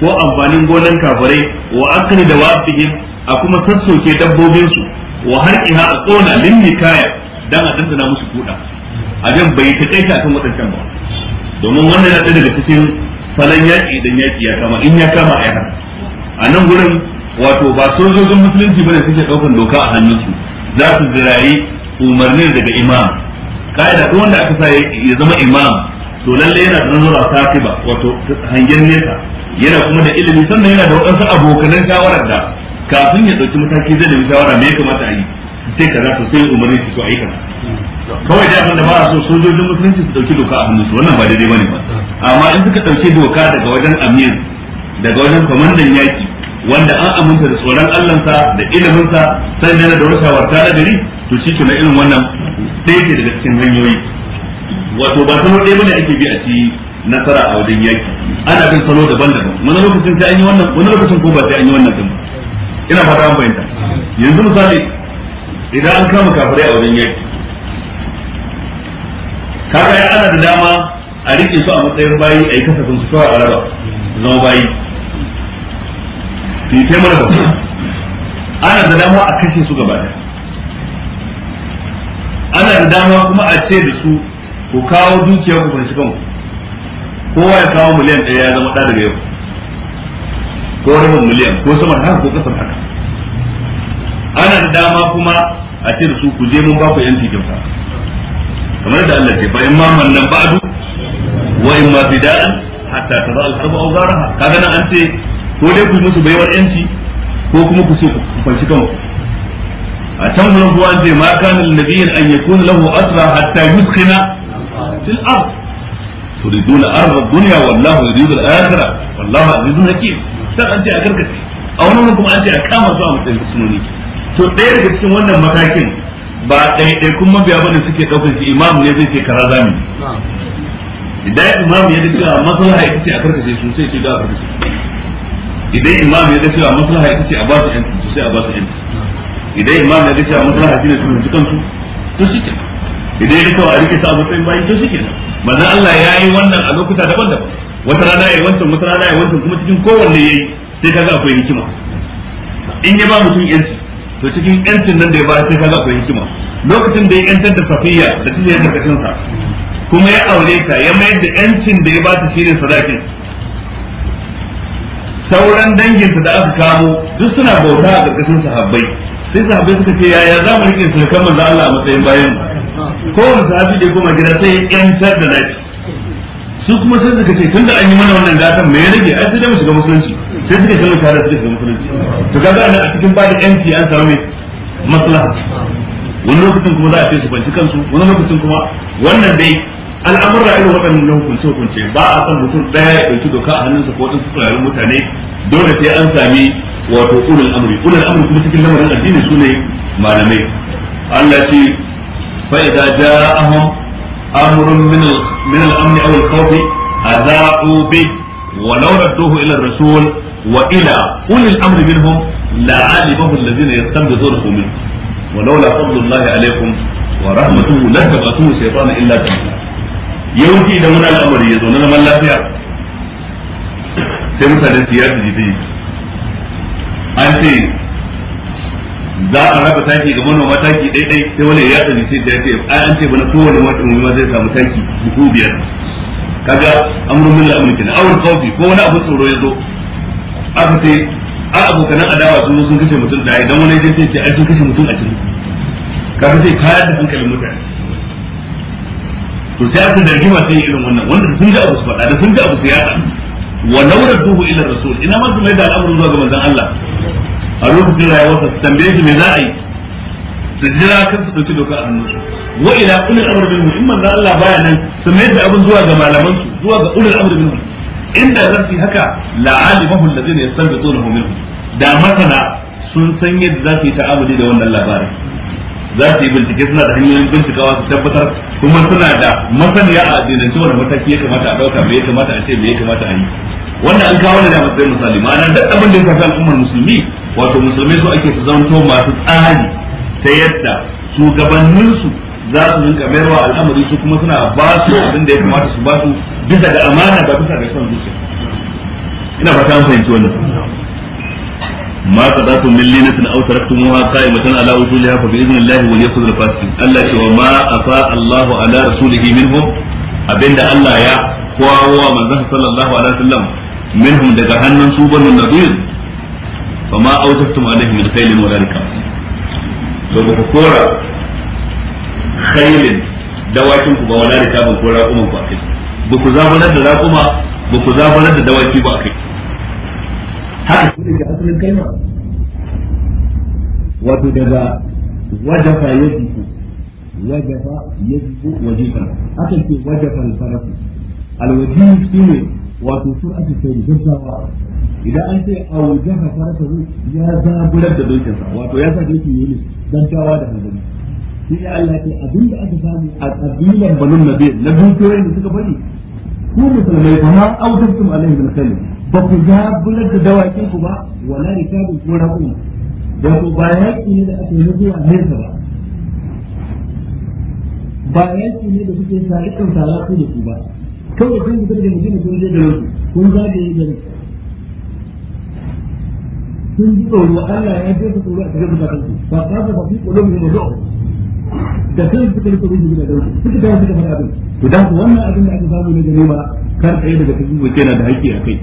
A: ko amfanin gonan kafirai wa aqli dawabihim a kuma sassoke dabbobinsu wa harqiha a kona lin nikaya dan a dandana musu kuda jan bai ta kai ta kan waɗancan ba domin wannan tsaya daga cikin salon yaƙi idan yaƙi ya kama in ya kama a yara a nan gurin wato ba sojojin musulunci bane suke ɗaukan doka a hannunsu za su zirayi umarnin daga imam ka'ida duk wanda aka sa ya zama imam to lalle yana da nazara ba wato hangen nesa yana kuma da ilimi sannan yana da waɗansu abokan shawarar da kafin ya ɗauki mataki zai da shawara me ya kamata yi sai kaza to sai umarni su to ayi kawai da abin da ba so sojojin musulunci su dauki doka a hannunsu wannan ba daidai bane ba amma in suka dauki doka daga wajen amir daga wajen kwamandan yaki wanda an aminta da tsoron Allahnsa da iliminsa sai da da wata warta da gari to shi ke na irin wannan sai ke daga cikin hanyoyi wato ba sanar ɗaya bane ake bi a ci nasara a wajen yaki ana bin salo daban-daban wani lokacin sai an yi wannan wani lokacin ko ba sai an yi wannan din ina fata an fahimta yanzu misali idan an kama kafirai a wajen yaki kaga ya ana da dama a rike su a matsayin bayi a yi kasafin su kawai a raba zama bayi su yi taimar ba ana da dama a kashe su gaba ana da dama kuma a ce da su ku kawo dukiyar ku kwanci kanku kowa ya kawo miliyan ɗaya ya zama ɗa daga yau ko rabin miliyan ko sama da haka ko kasar haka ana da dama kuma a ce da su ku je mun ba ku yanci kyauta
B: kamar da Allah ce fa in ma mannan ba'du
A: wa in ma bida'an hatta tada al-harbu aw zaraha kaga nan an ce ko dai ku musu baiwar yanci ko kuma ku ce ku fanci kanku a can gurin kuwa an ce ma kana lin an yakuna lahu asra hatta yuskhina fil ard turiduna arda dunya wallahu yuridu al-akhirah wallahu azizun hakim sai an ce a gargaɗe a wani kuma an ce a kama su a matsayin sunoni to ɗaya daga cikin wannan matakin ba ɗaiɗaikun mabiya bane suke ɗaukar shi imam ne zai ce kara zami idan imam ya dace a maslaha ya ce a karkace su sai ce da a karkace idan imam ya dace a maslaha ya ce a ba su yanci su sai a ba su yanci idan imam ya dace a maslaha shine su yanci kansu to shi ke idan ya kawo a rike sa matsayin bayi to shi ke manzon Allah ya yi wannan a lokuta daban-daban wata rana ya yi wancan wata rana ya yi wancan kuma cikin kowanne ya yi sai kaga akwai hikima in ya ba mutum yanci to cikin yancin nan da ya bayar sai ka akwai hikima lokacin da ya yantar da safiya da take yadda kakin sa kuma ya aure ta ya mayar da yancin da ya ba ta shine sadakin sauran danginsa da aka kamo duk suna bauta a ƙarƙashin sahabbai sai sahabbai suka ce yaya za mu rike surukan manzo Allah a matsayin bayan kowane sahabi da kuma gida sai ya yantar da naki su kuma sai suka ce tunda an yi mana wannan gatan me ya rage ai sai da mu shiga musulunci sai suka kalli shahada suka shiga musulunci to kaga nan a cikin bada yanci an samu mai maslaha wani lokacin kuma za a ce su banci kansu wani lokacin kuma wannan dai al'amurra irin waɗannan na hukunce hukunce ba a san mutum ɗaya ya ɗauki doka a hannunsa ko waɗansu tsirarin mutane dole sai an sami wato ulul amri ulul amri kuma cikin lamarin addini su ne malamai Allah ce fa idza ja'ahum amrun min min al-amn aw al-khawf adha'u bi wa law radduhu ila ar-rasul wa ila ulil amri minhum la alimahu alladhina yastanbizunahu minhu wa laula fadlullahi alaykum wa rahmatuhu la tabatuhu shaytana illa tamma yawanci idan wani al'amari ya zo na zaman lafiya sai su an ce za a raba taki ga manoma taki daidai sai wani ya tsani sai ya ce ai an ce bana kowane mutum ma zai samu taki dubu biyar kaga amrun min al'amri kenan awul khawfi ko wani abu tsoro ya zo aka ce a abokanan adawa sun sun kashe mutum daya idan wani je sai ce ai sun kashe mutum a cikin kaga sai kayar da hankalin mutane to sai aka dargi ma sai irin wannan wanda sun ji abu su faɗa da sun ji abu su yaɗa wa laura duhu ila rasul ina ma su mai da al'amarin zuwa ga manzon Allah a lokacin rayuwarsa su tambaye shi me za a yi su jira kan su ɗauki doka a hannunsu wa ila ulil amr bil mu'min manzon Allah baya nan su mai da abin zuwa ga malaman su zuwa ga ulil amr bil mu'min inda zan fi haka la'alimahu allazina yastanbitunahu minhu da masana sun san yadda za su yi ta'amuli da wannan labarin za su yi bincike suna da hanyoyin bincikawa su tabbatar kuma suna da masaniya a addinance wani mataki ya kamata a dauka me ya kamata a ce me ya kamata a yi wannan an kawo ne da matsayin misali ma'ana da abin da ya shafi al'ummar musulmi wato musulmai su ake su zanto masu tsari ta yadda shugabanninsu za su rinka wa al'amari su kuma suna ba su abin da ya kamata su ba su bisa da amana ba bisa da son zuciya ina ba ta fahimci wannan ma qadatu min linatin wa taraktumuha qa'imatan ala usuliha fa bi idnillahi wa yaqul fasil Allah ce wa ma afa Allahu ala rasulihi minhum abinda Allah ya wa manzon sallallahu alaihi wasallam minhum daga hannun su banu nadir fa ma awtaftum alaihi min khairin wa rika to ku kora khailin dawakin ku ba wala da tabin ko raƙuman ku akai ba ku zabarar da raƙuma ba ku zabarar da dawaki ba akai haka shi ne asalin kalma wato daga wajafa yajibu wajafa yajibu wajifa akan ce wajafa al-farasu al-wajib shine wato sur'atu kai gaggawa idan an ce a wajen hasara ya zaburar da dokinsa wato ya sa dokin yi gaggawa da hanzari shi ne Allah ke abin da aka samu a kabilan banun nabi na dukiyoyin da suka bari ku musulmai fa ma autabtum alaihi min sani ba ku zaburar da dawakin ku ba wala rikabin ko rakun da ku ba yaƙi ne da aka yi a nesa ba ba yaƙi ne da kuke sarikan sara ku da ku ba kawai kun fitar da mutum kun je da wasu kun zagaye da kun ji tsoro Allah ya jefa tsoro a cikin zukatanku ba ka ba fi qulubihim wa da kan suka rika bin jibila da suka dawo suka faɗa abin to da wannan abin da aka samu na ganima kar tsaye daga cikin gobe yana da haƙƙi a kai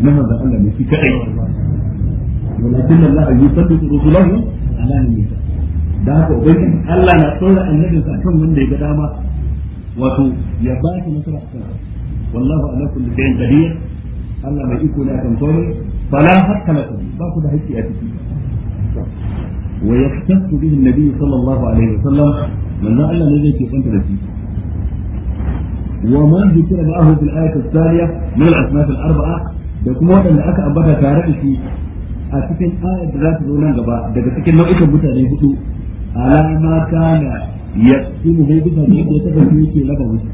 A: na manzon Allah ne shi kadai walakin Allah yusallu rusulahu ala nabiyyi da haka ubangiji Allah na tsora annabinsa akan wanda ya ga dama wato ya ba shi nasara akan wallahu ala kulli shay'in qadir Allah mai iko ne akan komai fala hakka lakum ba ku da haƙƙi a ciki ويختص به النبي صلى الله عليه وسلم من لا الا الذي في انت وما ذكر معه في الايه الثانيه من الاسماء الاربعه da kuma waɗanda aka amata tare da shi a cikin ayar da za ta zo nan gaba daga cikin nau'ikan mutane hudu alama kana ya su ne zai duka ne ya taɓa su yake laba wasu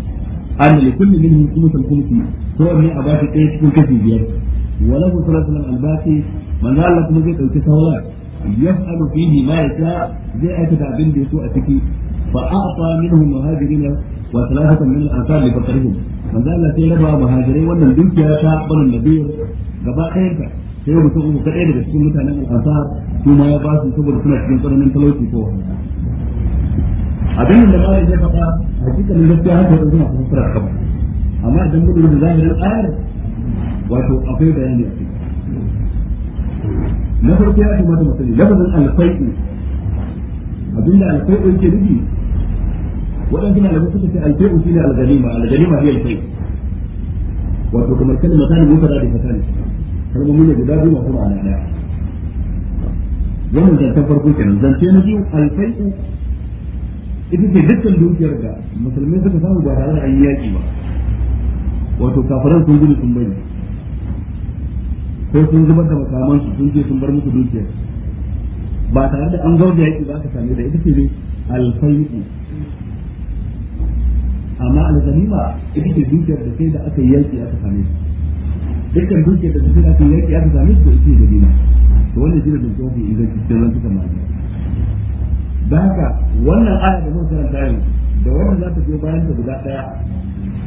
A: an da kulli min hin kuma san kulki to a ba shi ɗaya cikin kashi biyar wala ku sallallahu alaihi wasallam Allah kuma zai ɗauki sawara yaf'alu fihi ma yasha zai aikata abin da yaso a ciki fa a'ta minhum muhajirin wa thalathatan min al-ansar li bakarihim manzo Allah sai raba muhajirai wannan dukiya ta barin nabi gaba ɗayanta sai mutum uku kadai daga cikin mutanen al-ansar ya ba saboda suna cikin tsananin talauci ko abin da malam ya faɗa hakikalin gaskiya haka wadansu masu fassara kama amma idan gudun da zahirin ayar wato akwai bayani a na farko ya kamata mu sani lafazin alfai'u abinda alfai'u yake nufi waɗansu malamai suka ce alfai'u shine alganima alganima hiya alfai'u wato kamar kalmar tani mun fada da fasali kalmomin ne guda biyu masu ma'ana daya wannan zancen farko kenan zance na biyu alfai'u ita ce dukkan dukiyar da musulmai suka samu ba tare da an yaki ba wato kafiran sun gudu sun bari ko sun zubar da makaman su sun je sun bar musu dukiyar ba tare da an gaurda yaki ba ka sami da ita ce ne alfai'u amma alzanima ita ce dukiyar da sai da aka yaki aka sami su dukkan dukiyar da sai da aka yaki aka sami su ita ce ganima to wannan shine dukkan mafi da cikin rantuka masu da haka wannan aya da mun karanta yau da wannan za ta biyo bayan ta guda daya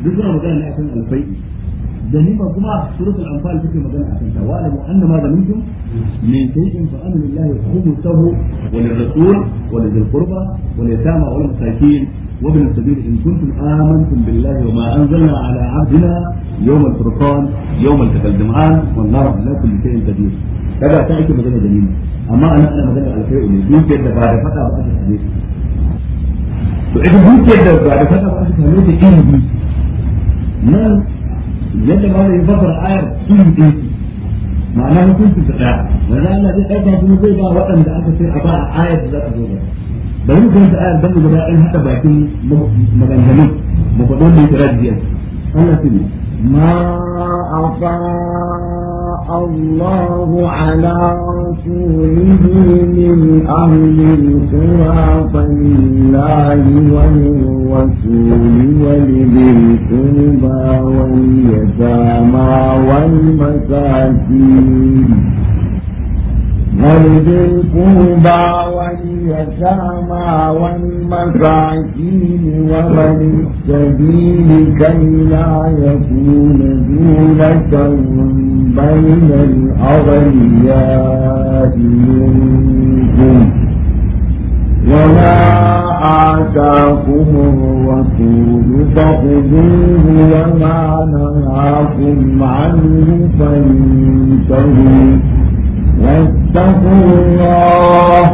A: duk wani magana ne akan alfai'i دليل كما سوره الانفال تكي مجال عشان واعلموا ان ما ظننتم من شيء فامن الله يحكم له وللرسول ولذي القربى واليتامى والمساكين وابن السبيل ان كنتم امنتم بالله وما انزلنا على عبدنا يوم الفرقان يوم التقى الجمعان والنار لا كل شيء قدير kada ta aiki magana da nima amma ana ana magana alkhairu ne dukiyar da ba da fata ba aka same shi to ita dukiyar da ba da yadda ba zai fassara ayar iri ɗaya ma'ana hukunci ta ɗaya wanda Allah zai ɗauka kuma zai ba waɗanda aka ce a ba a ayar da za ta zo ba bari mu kanta ayar dan gaba ɗan haɗa bakin maganganun mu faɗo da yake rajiya Allah ce ma afa
B: الله على رسوله من أهل القرى فلله وللرسول ولذي القربى واليتامى والمساكين وذي القربى واليتامى والمساكين ومن السبيل كي لا يكون دولة بين الأغنياء منكم وما آتاكم الرسول فخذوه وما نهاكم عنه فانتهوا واتقوا الله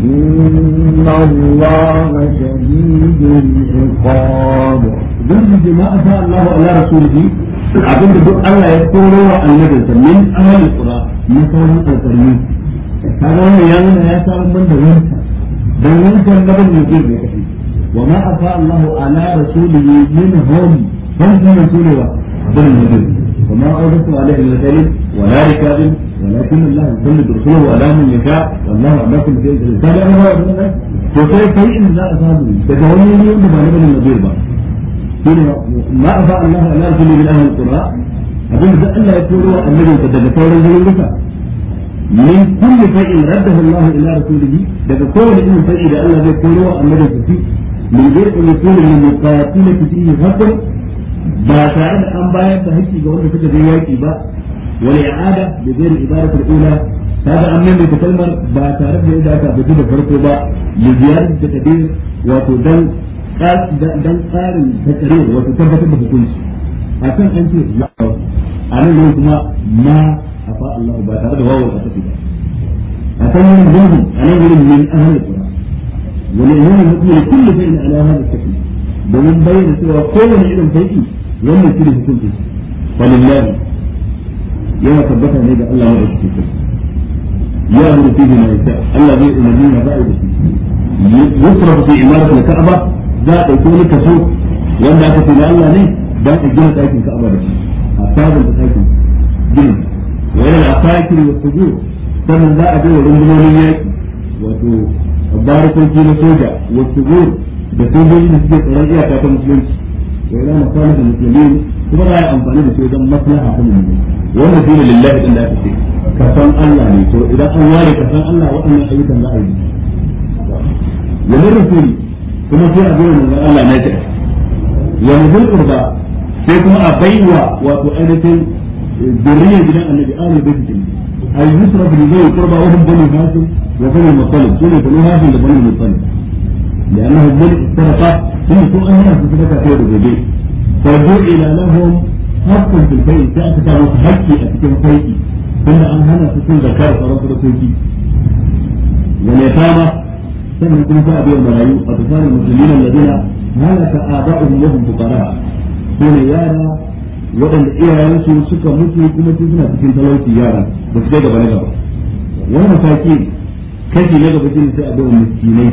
B: إن الله شديد العقاب duk jama'a ta Allah ala rasulihi
A: abin da duk Allah ya koro wa annabinsa min ahli qura na sauran alƙarni kaga wannan ya nuna ya samu ban da wanta dan wancan laban ne zai bai kafi wa ma afa Allah ala wa ma ولكن الله يسلط رسوله على من يشاء والله على كل شيء قدير هذا هو وكيف ان لا تدعوني ما ما افاء الله على كل من اهل ya turo wa annabinsa daga sauran gurin duka min kulli fa'in kowane irin fa'i da Allah zai turo wa annabinsa shi min ba tare da an bayar da hakki ga wanda suka je yaki ba والإعادة بغير العبارة الأولى هذا أمن بتكلمر بتعرف إذا أتى بجد فرقه با لزيادة التقدير وتدل دل قار التقرير وتثبت بحكمه أكن أنت لا أنا لو كما ما أفاء الله بتعرف وهو الأساسي أكن منهم أنا من أهل القرآن ولأنهم يقول كل فعل على هذا الشكل domin bayyana cewa kowane irin faiki wannan shi ne hukunci falillahi yana tabbata ne ga Allah wanda yake ya amuru fi ma yasha Allah zai umarni na za'i da shi yusra fi imaratul ka'aba za a ko wani kaso wanda aka ce Allah ne dan a gina ɗakin ka'aba da shi a sabon ɗakin gina wa yana asakir wa sujud sannan za a je wa rundunonin yaki wato barakoki na soja wato sujud da sojoji da suke tsaron iyaka ta musulunci wa yana masalihul muslimin kuma za a amfani da shi wajen maslaha ta musulunci wanda dole lillahi din da aka ce ka san Allah ne to idan an ware ka san Allah waɗannan ayyukan za a yi ya mun rasuli kuma sai a zo manzon Allah na ta ya mun qurba sai kuma a baiwa wato ainihin eh, zuriyar gidan annabi Ali bai cikin ay yusra bin zayd qurba wa hum bani hasim wa bani mutalib sune bani hasim da bani mutalib لأنه ملك السرقة ثم يكون أهل في السرقة في الرجل فجعل لهم حتى في البيت جاء كتاب هكي أتكلم فيكي إلا أن هنا تكون ذكارة رب رسولكي واليتامى كما يكون في أبي الملايين قد كان المسلمين الذين هلك آباؤهم لهم فقراء دون يارا وإن إيرانسي وسكا مكي كما تكون تكون تلوتي يارا بس جيدا بنغبا وانا فاكين كذي نغبا جيني في أبي المسلمين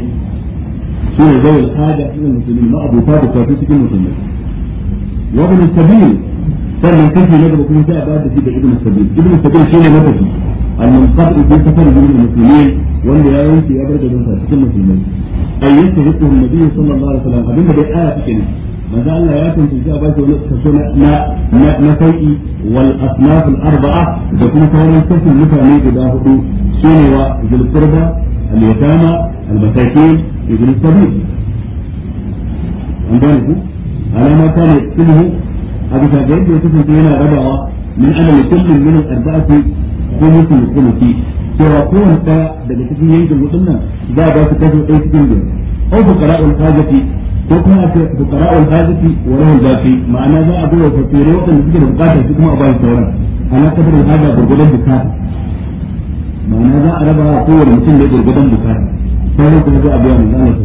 A: سوى ذوي الآجة إلى المسلمين ما أبو فاضي فاتي تكون المسلمين وابن السبيل sannan kashi na gaba kuma sai a bayar da shi ga ibn sabil ibn sabil shine matafi al-munqati fi safar min al-muslimin wanda ya yanke ya bar da sa cikin musulmai ay yastahiqu an-nabi sallallahu alaihi wasallam abinda bai aya take ne manzo Allah ya tantance a bashi wani kaso na na na sauki wal asnaf al-arba'a da kuma sauran kasan mutane guda hudu shine wa zulqurba al-yatama al-masakin ibn sabil an bani ku alama kana ilmu a bisa ga yadda ya kasance yana rabawa min ana da kullum minin arba'atu ko mutum kuluki cewa kowane ɗaya daga cikin yankin hudun nan za a ba su kaso ɗaya cikin biyar au fuqara'ul hajati ko kuma a ce fuqara'ul hajati wa rahul zafi ma'ana za a duba fakirai waɗanda suke da bukatar su kuma a ba sauran ana kafar hada gurgudan bukata ma'ana za a raba wa kowane mutum a baya mu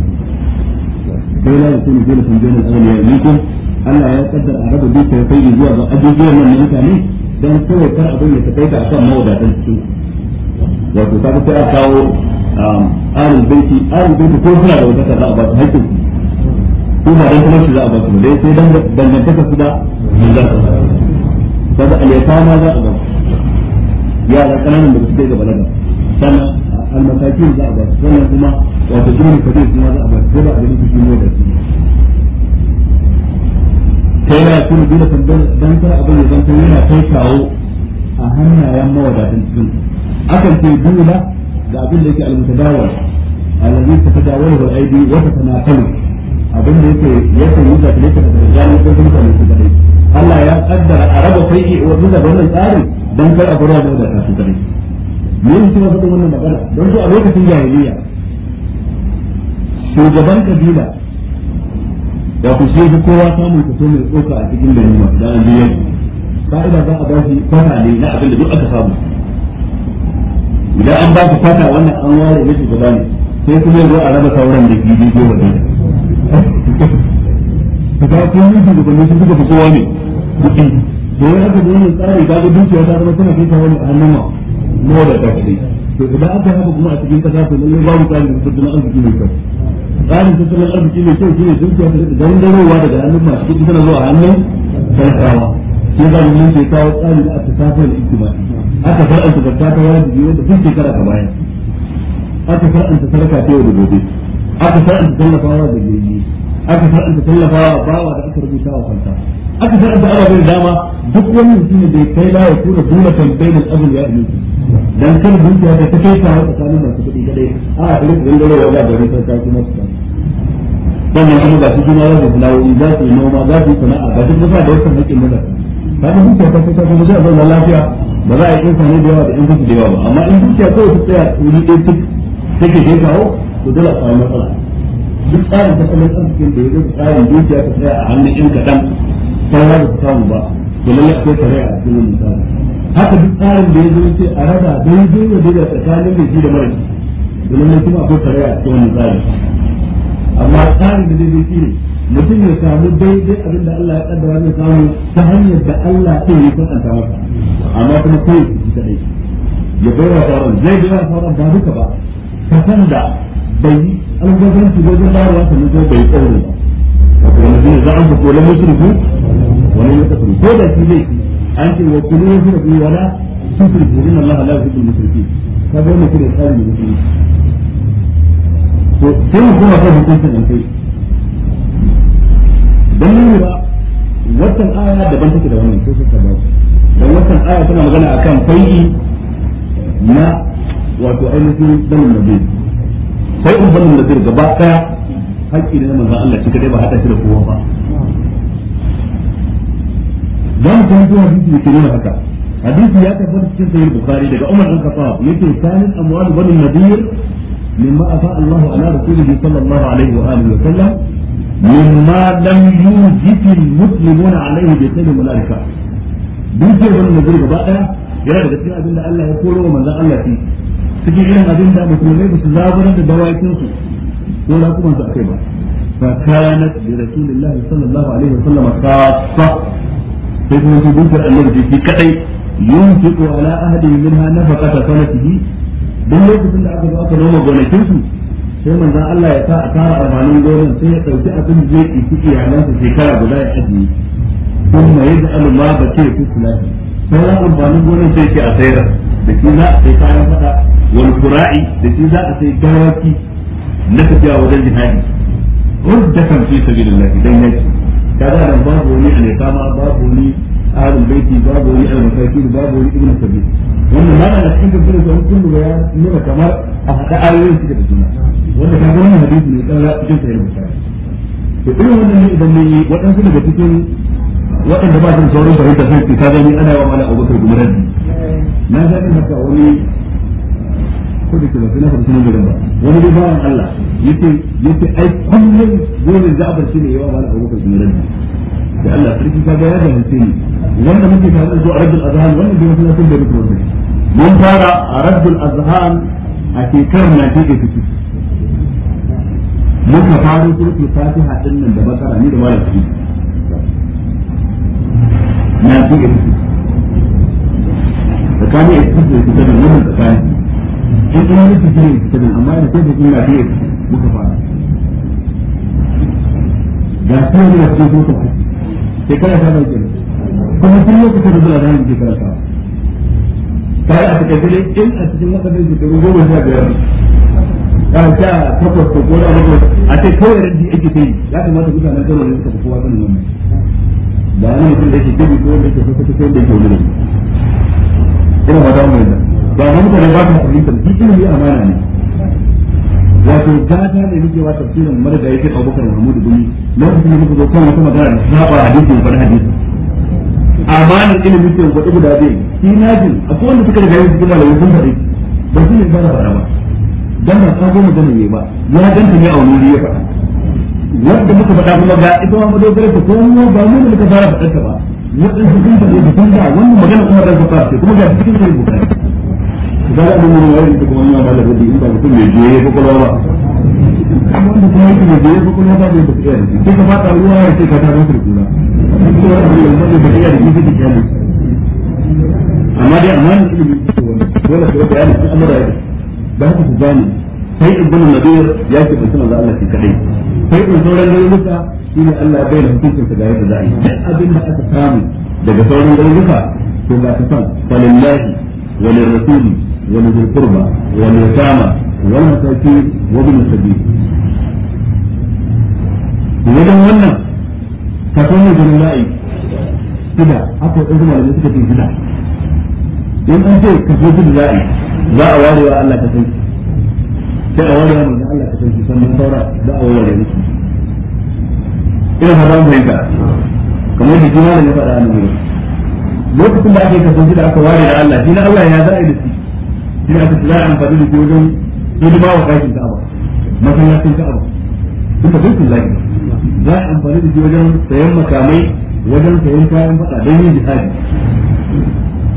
A: zalata Allah ya kaddara a raba dukiya sai zuwa ga ajujuwan nan na mutane dan kawai kar abin ya kai ta akan mawadatan cikin wato ta sai a kawo um, arin baiti arin baiti ko suna da wata kaza a ba su haƙƙin ko ba dan kuma shi za a ba su ba dai sai dan dangantaka su da manzon kaza al-yatama za a ba yara kananan da su kai ga balaga sannan al-masakin za a ba sannan kuma wato jinin kadir kuma za a ba sai ba a da shi ne da su sai yana cikin tambayar dan kar abin ya zanto yana kai kawo a hannayen mawadatan cikin akan ce dole da abin da yake almutadawar alladhi tatadawar wal aidi wa tatanaqalu abin da yake yake yi da ta da jami'an ko kuma da kake Allah ya kaddara a raba fai'i wa duka da wannan tsarin dan kar abu da da kasu kare me yake ma fadin wannan magana don to a lokacin jahiliya shugaban kabila da ku shi fi kowa samun kaso mai tsoka a cikin da ganima da an biyar ka'ida za a ba shi kwata ne na abin da duk aka samu idan an ba ku kwata wannan an ware ne shugaba ne sai kuma yanzu a raba sauran da gidi goma ne ka ga ko yi da ban sun duka kowa ne kuɗi to wani haka da yin tsari ga dukiya ta zama tana kai ta wani hannun ma mu da ta kuɗi to idan aka haka kuma a cikin kasa to lallai babu tsari da kudin arziki mai kyau tsarin tattalin arziki mai kyau shine dukiya ta gangarowa daga hannun masu kuɗi tana zuwa hannun talakawa shi ya zama ke kawo tsari da aka tafi da ikima aka far'anta zakka ta wajibi wanda duk shekara ta baya aka far'anta sadaka ta yau da gobe aka far'anta tallafawa da gari aka far'anta tallafawa a bawa da aka rubuta wa kanta aka far'anta ababen dama duk wani mutum da ya kai ba ya kura dole da abin ya yi dan kan dukiya ta kai ta tsakanin masu kuɗi kadai a a rika gangarowa da garin sarka kuma su sannan kuma ga cikin yawon da fulawoyi za su yi noma za su yi sana'a ga duk mutane da yakan haƙƙin mutane ta da dukiya ta fita kuma zai zauna lafiya ba za a yi insani da yawa da in da yawa ba amma in dukiya kawai ta tsaya wuri ɗaya duk take ke kawo to dole a samu matsala duk tsarin tattalin arzikin da ya zai tsarin dukiya ta tsaya a hannun ƴan kaɗan sai za ta samu ba to lalle akwai tare a cikin wannan tsarin haka duk tsarin da ya zo ce a raba daidai da daidai tsakanin mai ji da mara ji to lalle kuma akwai tare a cikin wannan tsarin amma tsarin da daidai shi ne mutum ya samu daidai abin da Allah ya kaddara ya samu ta hanyar da Allah ɗin ya kwatanta masa amma kuma kai shi kadai ya bayar sauran zai bayar sauran ba duka ba ka san da bai algabanci wajen bayarwa sannan ko bai tsoro ba wato wani zai za a fi kola musulku wani ya tafi ko da shi zai an ce wa kullu yusrifu wala tusrifu inna Allah la yuhibbul musrifin kaga wannan kire tsarin musulunci to sai kuma kan hukuncin an kai dan ne ba wannan aya daban take da wannan sai suka ba dan wannan aya tana magana akan fai'i na wato ainihin dan nabi sai in ban nabi gaba daya hakki ne na manzon Allah shi kadai ba hada shi da kowa ba dan kan zuwa hadisi da kirina haka hadisi ya tabbata cikin sahih bukhari daga Umar bin Khattab yake sanin amwal bani nadir مما أفاء الله على رسوله صلى الله عليه وآله وسلم مما لم يوجد المسلمون عليه بسبب ملائكة dukkan wani nazari gaba daya Yara daga cikin abin Allah ya koro wa maza Allah fi cikin irin abinda da musulmai ba su zaburar da dawakin su ko na kuma su akai ba fa kana da rasulullahi sallallahu alaihi wasallam khassa sai kadai ala duk lokacin da aka zo aka noma gonakin su sai manzon Allah ya sa a tara amfanin gonan sai ya ɗauki abin da zai ciki yanan su shekara guda ya ajiye kuma ya ji alma ba ce su kula sauran amfanin gonan sai ke a sayar da shi za a sai kayan fada wani qura'i da shi za a sai gawaki na tafiya wajen jihadi rudda kan fi sabilillah dan yaki kaga nan babu wani ne kama babu wani ahlul baiti babu wani al-masakin babu wani ibnu sabil wannan ma na cikin tafsirin da kun ga ya nuna kamar a hada ayoyin suke da juna wanda kan wannan hadisi ne tsara cikin sahih bukhari to irin wannan ne idan ne wadansu daga waɗanda ba su sauran fahimta sai ta gani ana wa mala abubakar gumarar na ga haka ko da ke ba sai na farko nan ba wani dai bawan Allah yake yake ai kullum gonin Ja'far shine yawa wani Abubakar bin Rabi da Allah sarki ka ga ya wanda muke a Rabbul Azhan wannan dai wannan sun da muke wannan mun fara a Rabbul Azhan a shekarar muka fatiha din nan da bakara ni da na wani su shirin kitabin amma da sai da illa fiye muka fara ga su ne da su suka sai kana ta dauke kuma sun lokacin da zuwa ranar ke karatawa ta yi a cikin dare in a cikin waɗannan shekaru goma sha biyar ta sha takwas ko goma bakwai a ce kawai raddi ake ta ya kamata mutanen kano ne suka fi kowa sanin wannan ba wani mutum da yake gudu ko wanda yake so ta fito da yake wani ina ba ma mutane ba su fahimtar shi ilimi amana ne wato gata ne muke wa tafsirin mara da yake Abubakar Mahmud Gumi lokacin da muka zo kan wata magana da saba hadisi da fara hadisi amanar ilimi ce wata guda biyu shi na jin akwai wanda suka riga yin cikin malamai sun faɗi ba su ne ba da faɗa ba dan ba ka goma gane ne ba ya danta ne a wani wuri ya faɗa wanda muka faɗa kuma ga ita ma madogara ta kuma ba mu da ka fara faɗar ta ba waɗansu sun faɗi da sun da wannan magana kuma da ka fara kuma ga cikin da ya ga abin mun yayin da kuma yana da rabbi in ba mutum mai jiye ko kula ba
C: amma da kuma yake da jiye ko kula ba da tafiya sai ka fata ruwa ya
A: ce ka ta mutu kula ko abin da ba da da kike kenan amma dai amma ne kike wala ko bayani an amara da haka ku gane sai ibn nadir ya ce mutum Allah Allah shi kadai sai in sauran garuruka shine Allah bai da hukuncin da yake da ai abin da aka samu daga sauran garuruka to ga ta san falillahi walirrasuli Wani ولذي القربى واليتامى والمساكين وابن السبيل idan wannan ka sanya jinin la'i shida aka yi ɗaukar malamai suka ce shida in an ce ka so jinin la'i za a warewa Allah ka san sai a warewa mai Allah ka san shi sannan saura za a ware miki ina haram fahimta kamar da jima da ya faɗa a nan lokacin da ake kaso shida aka ware da Allah shi na Allah ya za a yi da shi shi ne aka tsaya amfani da wajen hidima wa ɗakin ka'aba masallacin ka'aba sun da dukkan lafi za a amfani da wajen sayan makamai wajen sayan kayan faɗa don yin jihadi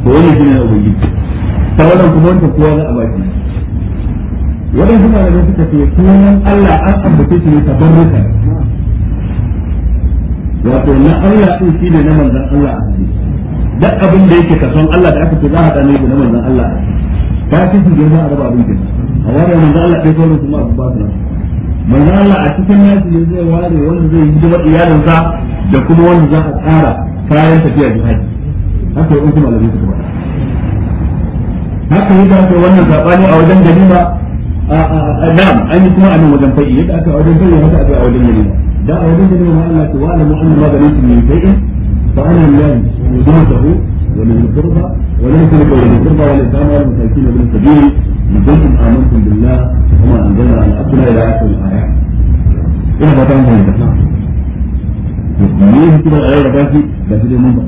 A: ko wannan shi ne na ubangiji ta wannan kuma wancan kowa za a baki waɗansu malamai suka ce sunan Allah an ambace shi ne tabarrukan wato na Allah din shi ne na manzon Allah a hadisi duk abin da yake kason Allah da aka ce za a haɗa ne da na manzon Allah a hadisi ta cikin girma a raba abin da a ware manzo Allah kai kawai kuma abu ba su manzo Allah a cikin nasu ya zai ware wanda zai yi da iyalinsa da kuma wanda za a tsara kayan tafiya jihadi haka yi kuma malamai suka faɗa haka yi da wannan sabani a wajen ganima na'am an yi kuma a nan wajen fai'i yadda aka wajen fai'i haka aka a wajen ganima da a wajen ganima ma Allah ce wa alamu anna ma ganin min fai'in fa ana lillahi yudahu wa min al-qurba ولنسلك وللقربى واليتامى والمساكين وابن السبيل إن كنتم آمنتم بالله وما أنزلنا على عبدنا إلى آخر الآيات. إلى ما تعمل من الإسلام. يمكن أن أعير باسي باسي دي منبع.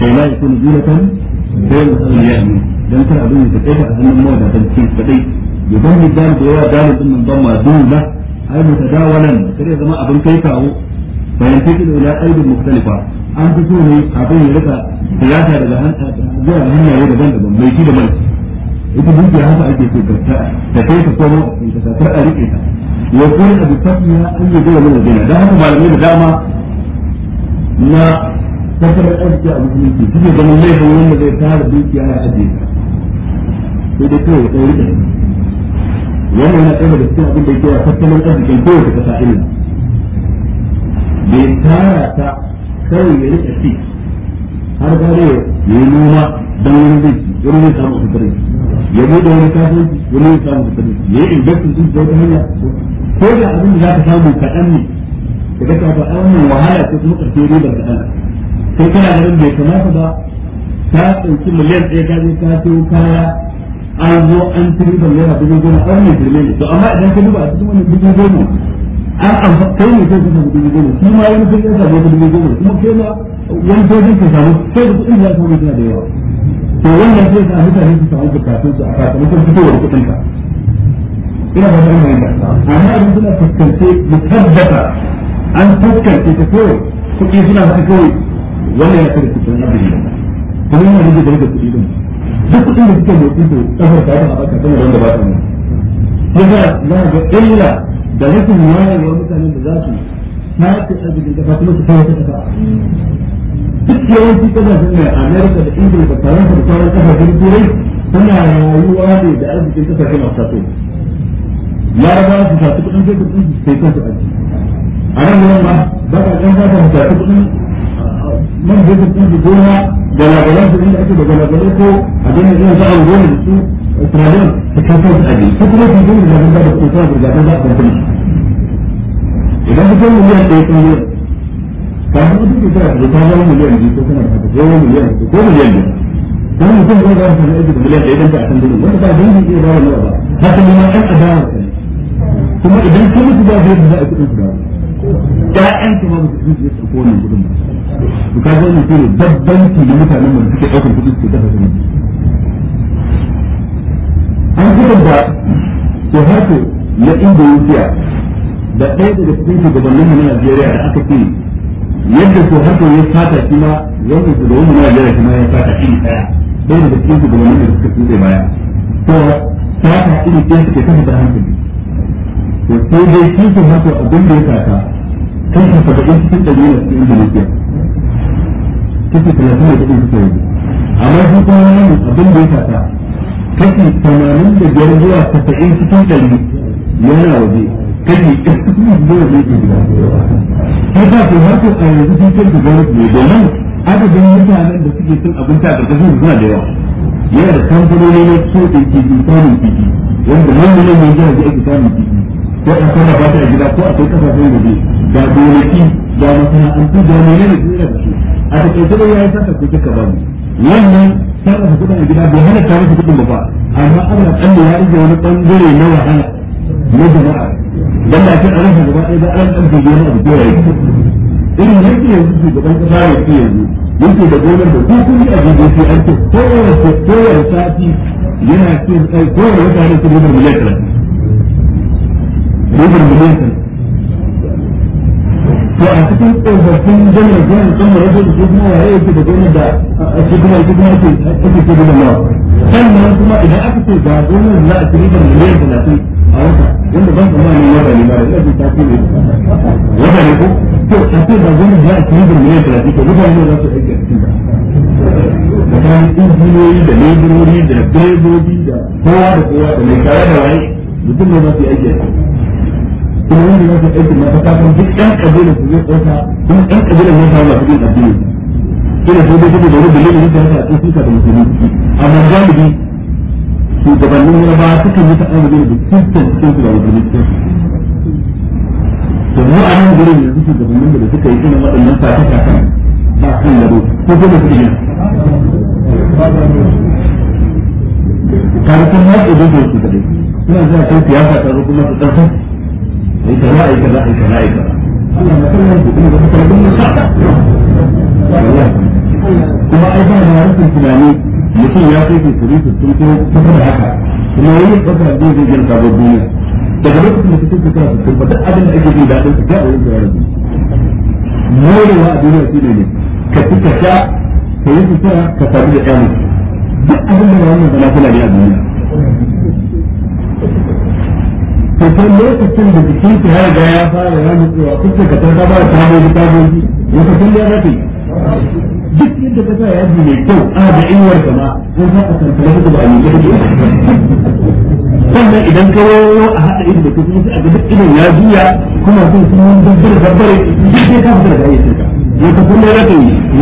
A: كي لا يكون دينة غير اليمين. dan kar abin ya tafi a hannun mawada dan cikin kadai ya bar ni da yawa dalil din nan ba ma dole ai mutadawalan kare zama abin kai kawo bayan take da ila aibin mukhtalifa an fito ne abin ya rika siyasa daga zuwa hanyoyi daban-daban mai shi da mai ita dukiya haka ake so karta ta kai ta komo ta sakar a rike ta wa kun abu tafiya an yi zuwa mana dina da haka malamai da dama na da arziki a musulunci suke ganin laifin wanda zai tara dukiya ya ajiye ta sai dai kawai ta rike wannan yana ɗaya da cikin abin da yake wa tattalin arzikin kowace ƙasa illa bai tara ta kawai ya rike fi har gare ya yi noma don wani zai wani zai samu fitarai ya bude wani kasuwanci wani zai samu fitarai ya yi investment din da wata hanya ko da abin da za ka samu kaɗan ne daga ta faɗa wannan wahala ce kuma ƙarfe ribar kaɗan sai kana ganin bai kamata ba ta ɗauki miliyan ɗaya ka je ka sayo kaya an zo an ci ribar naira dubu goma an ne firme ne to amma idan ka duba a cikin wannan dubu goma an amfa kai ne sai ka samu dubu goma shi ma wani sai ya samu dubu goma kuma kai ma wani sojin ke samu sai da kuɗin ya samu suna da yawa to wannan sai sa mutane su samu bukatun su a sakamakon fitowar kuɗin ka ina ba ta mai amma abin suna fuskance mu tabbata an fuskance ta kawai kuɗi suna haka kawai wannan ya kare kuɗin abin da kuma yana rage da rage kuɗi din duk kuɗin da suke motsi to kafar ta ba a baka kan wanda ba ta mu yasa za ga illa da rashin wayewar mutanen da za su ta ce arzikin kasa kuma su kawo ta kasa duk yawanci kasashen da amerika da ingila da faransa da sauran kasashen turai suna rayuwa ne da arzikin kasashe masu su kudin sai kudin su sai kansu a nan wurin ba ka kan kudin man zai kudin su su inda ake da ko a ganin irin za a gona da su tunanin su kan kansu aji ko kuma su da da sa a kafin mutum ke tara da ta zama miliyan biyu ko kuma da haka ko miliyan biyu ko miliyan biyu kuma mutum zai zama sanar aiki da miliyan ɗaya don ta a kan gudun wanda ba dangin iya zama ba haka ne ma ɗan adawa ka ne kuma idan ka mutu ba zai za a kuɗin su dawo ƴaƴan ka ma ba su kuɗin su ko wannan ba to ka zama mutum ne babban ki da mutanen mu suke ɗaukar kuɗin su dafa sanar an gudun da to haka na indonesia da ɗaya daga cikin shugabannin mu na najeriya da aka ce yadda ko haka ya fata shi ma wanda su da wani na jira shi ma ya fata shi daya ɗaya daga cikin su da wani da suka tsude baya to fata iri ɗaya suke kan da hankali to sai dai shi su haka abin da ya fata kan ka in cikin ɗari na cikin indonesia cikin talatin da cikin suka yi amma shi kuma wani abin da ya fata kashi tamanin da biyar zuwa ta cikin ɗari yana waje kashi dole ne ke gida sai ba ku har a yanzu cikin kanta gwamnati ne domin adadin mutanen da suke cin abinci a ƙarƙashin suna da yawa yana da kamfanoni na so da ke samun fiki wanda manyan manyan jihar da ake samun fiki ko a kwana ba ta a gida ko a kai kasashen waje ga gonaki ga masana'antu ga mene ne suna da su a taƙaice da ya yi saka ko kika ba mu wannan sarrafa kuɗin a gida bai hana ta masa kuɗin ba amma ana ƙalla ya rage wani bangare na wahala na jama'a dan da kin aran gaba ɗaya ba an da gora yake irin yake yanzu shugaban kasa ya ce yanzu yake da gonar da ko a gobe sai an ce kowace kowace sati yana ce kai kowace wata ne kuma miliyan 30 miliyan 30 to a cikin tsofaffin jami'ar jami'ar kan mara da kuma waye yake da gona da a cikin ake kuma ake ake ce da sannan kuma idan aka ce ga gonar na a cikin miliyan wanda ban kuma ne wata ne ba da ɗafi ta fi ne wata ne ko to a ce ba wani ya a cikin birnin yadda ake ko mutane ne za su aiki a cikin ba mutane injiniyoyi da leburori da direbobi da kowa da kowa da mai da waye mutum ne za su aiki a cikin kuma wanda za su aiki na fata kan duk ɗan ƙabilar su zai ɗauka kuma ɗan ƙabilar ne samu masu bin addini ina so dai kuma da wani dalilin da ya sa a cikin ka da amma galibi shugabannin yarba sukan yi ta'amuli da kristan cikin su da musulunci to mu a nan gurin yanzu shugabannin da suka yi irin waɗannan fata-fata ba kan gado ko kuma su yi. kare sun haɗe da su kadai suna zuwa kan siyasa ta zo kuma su ɗansa ai kaza ai a yi ta ai kaza Allah na kallon su kuma ba su kallon mu sa kuma ai ba na rufin tunani mutum ya kai ke kuri su sun kuma haka kuma wani kasa da zai gina sabon duniya daga lokacin da kusa da su turba fata abin da ake jin da su kyawa yin tsawon rabu morewa a duniya shi ne ka fi ka sha ka yi fita ka sami da ɗaya duk abin da wannan zama kula ne a duniya
C: to
B: lokacin da jikin ki har ga ya fara ya mutuwa kuka ka ta ba ta mai da tabobi wata da ya zafi
A: duk inda ka sa yaji mai kyau a da inwar ka ma ko za ka san kare ba ni kake sannan idan ka wayo a haɗa ido da kuma sai a ga duk idan ya juya kuma sun sun dabbar dabbar duk sai ka fita da ayyukan ka ya ka kuma rake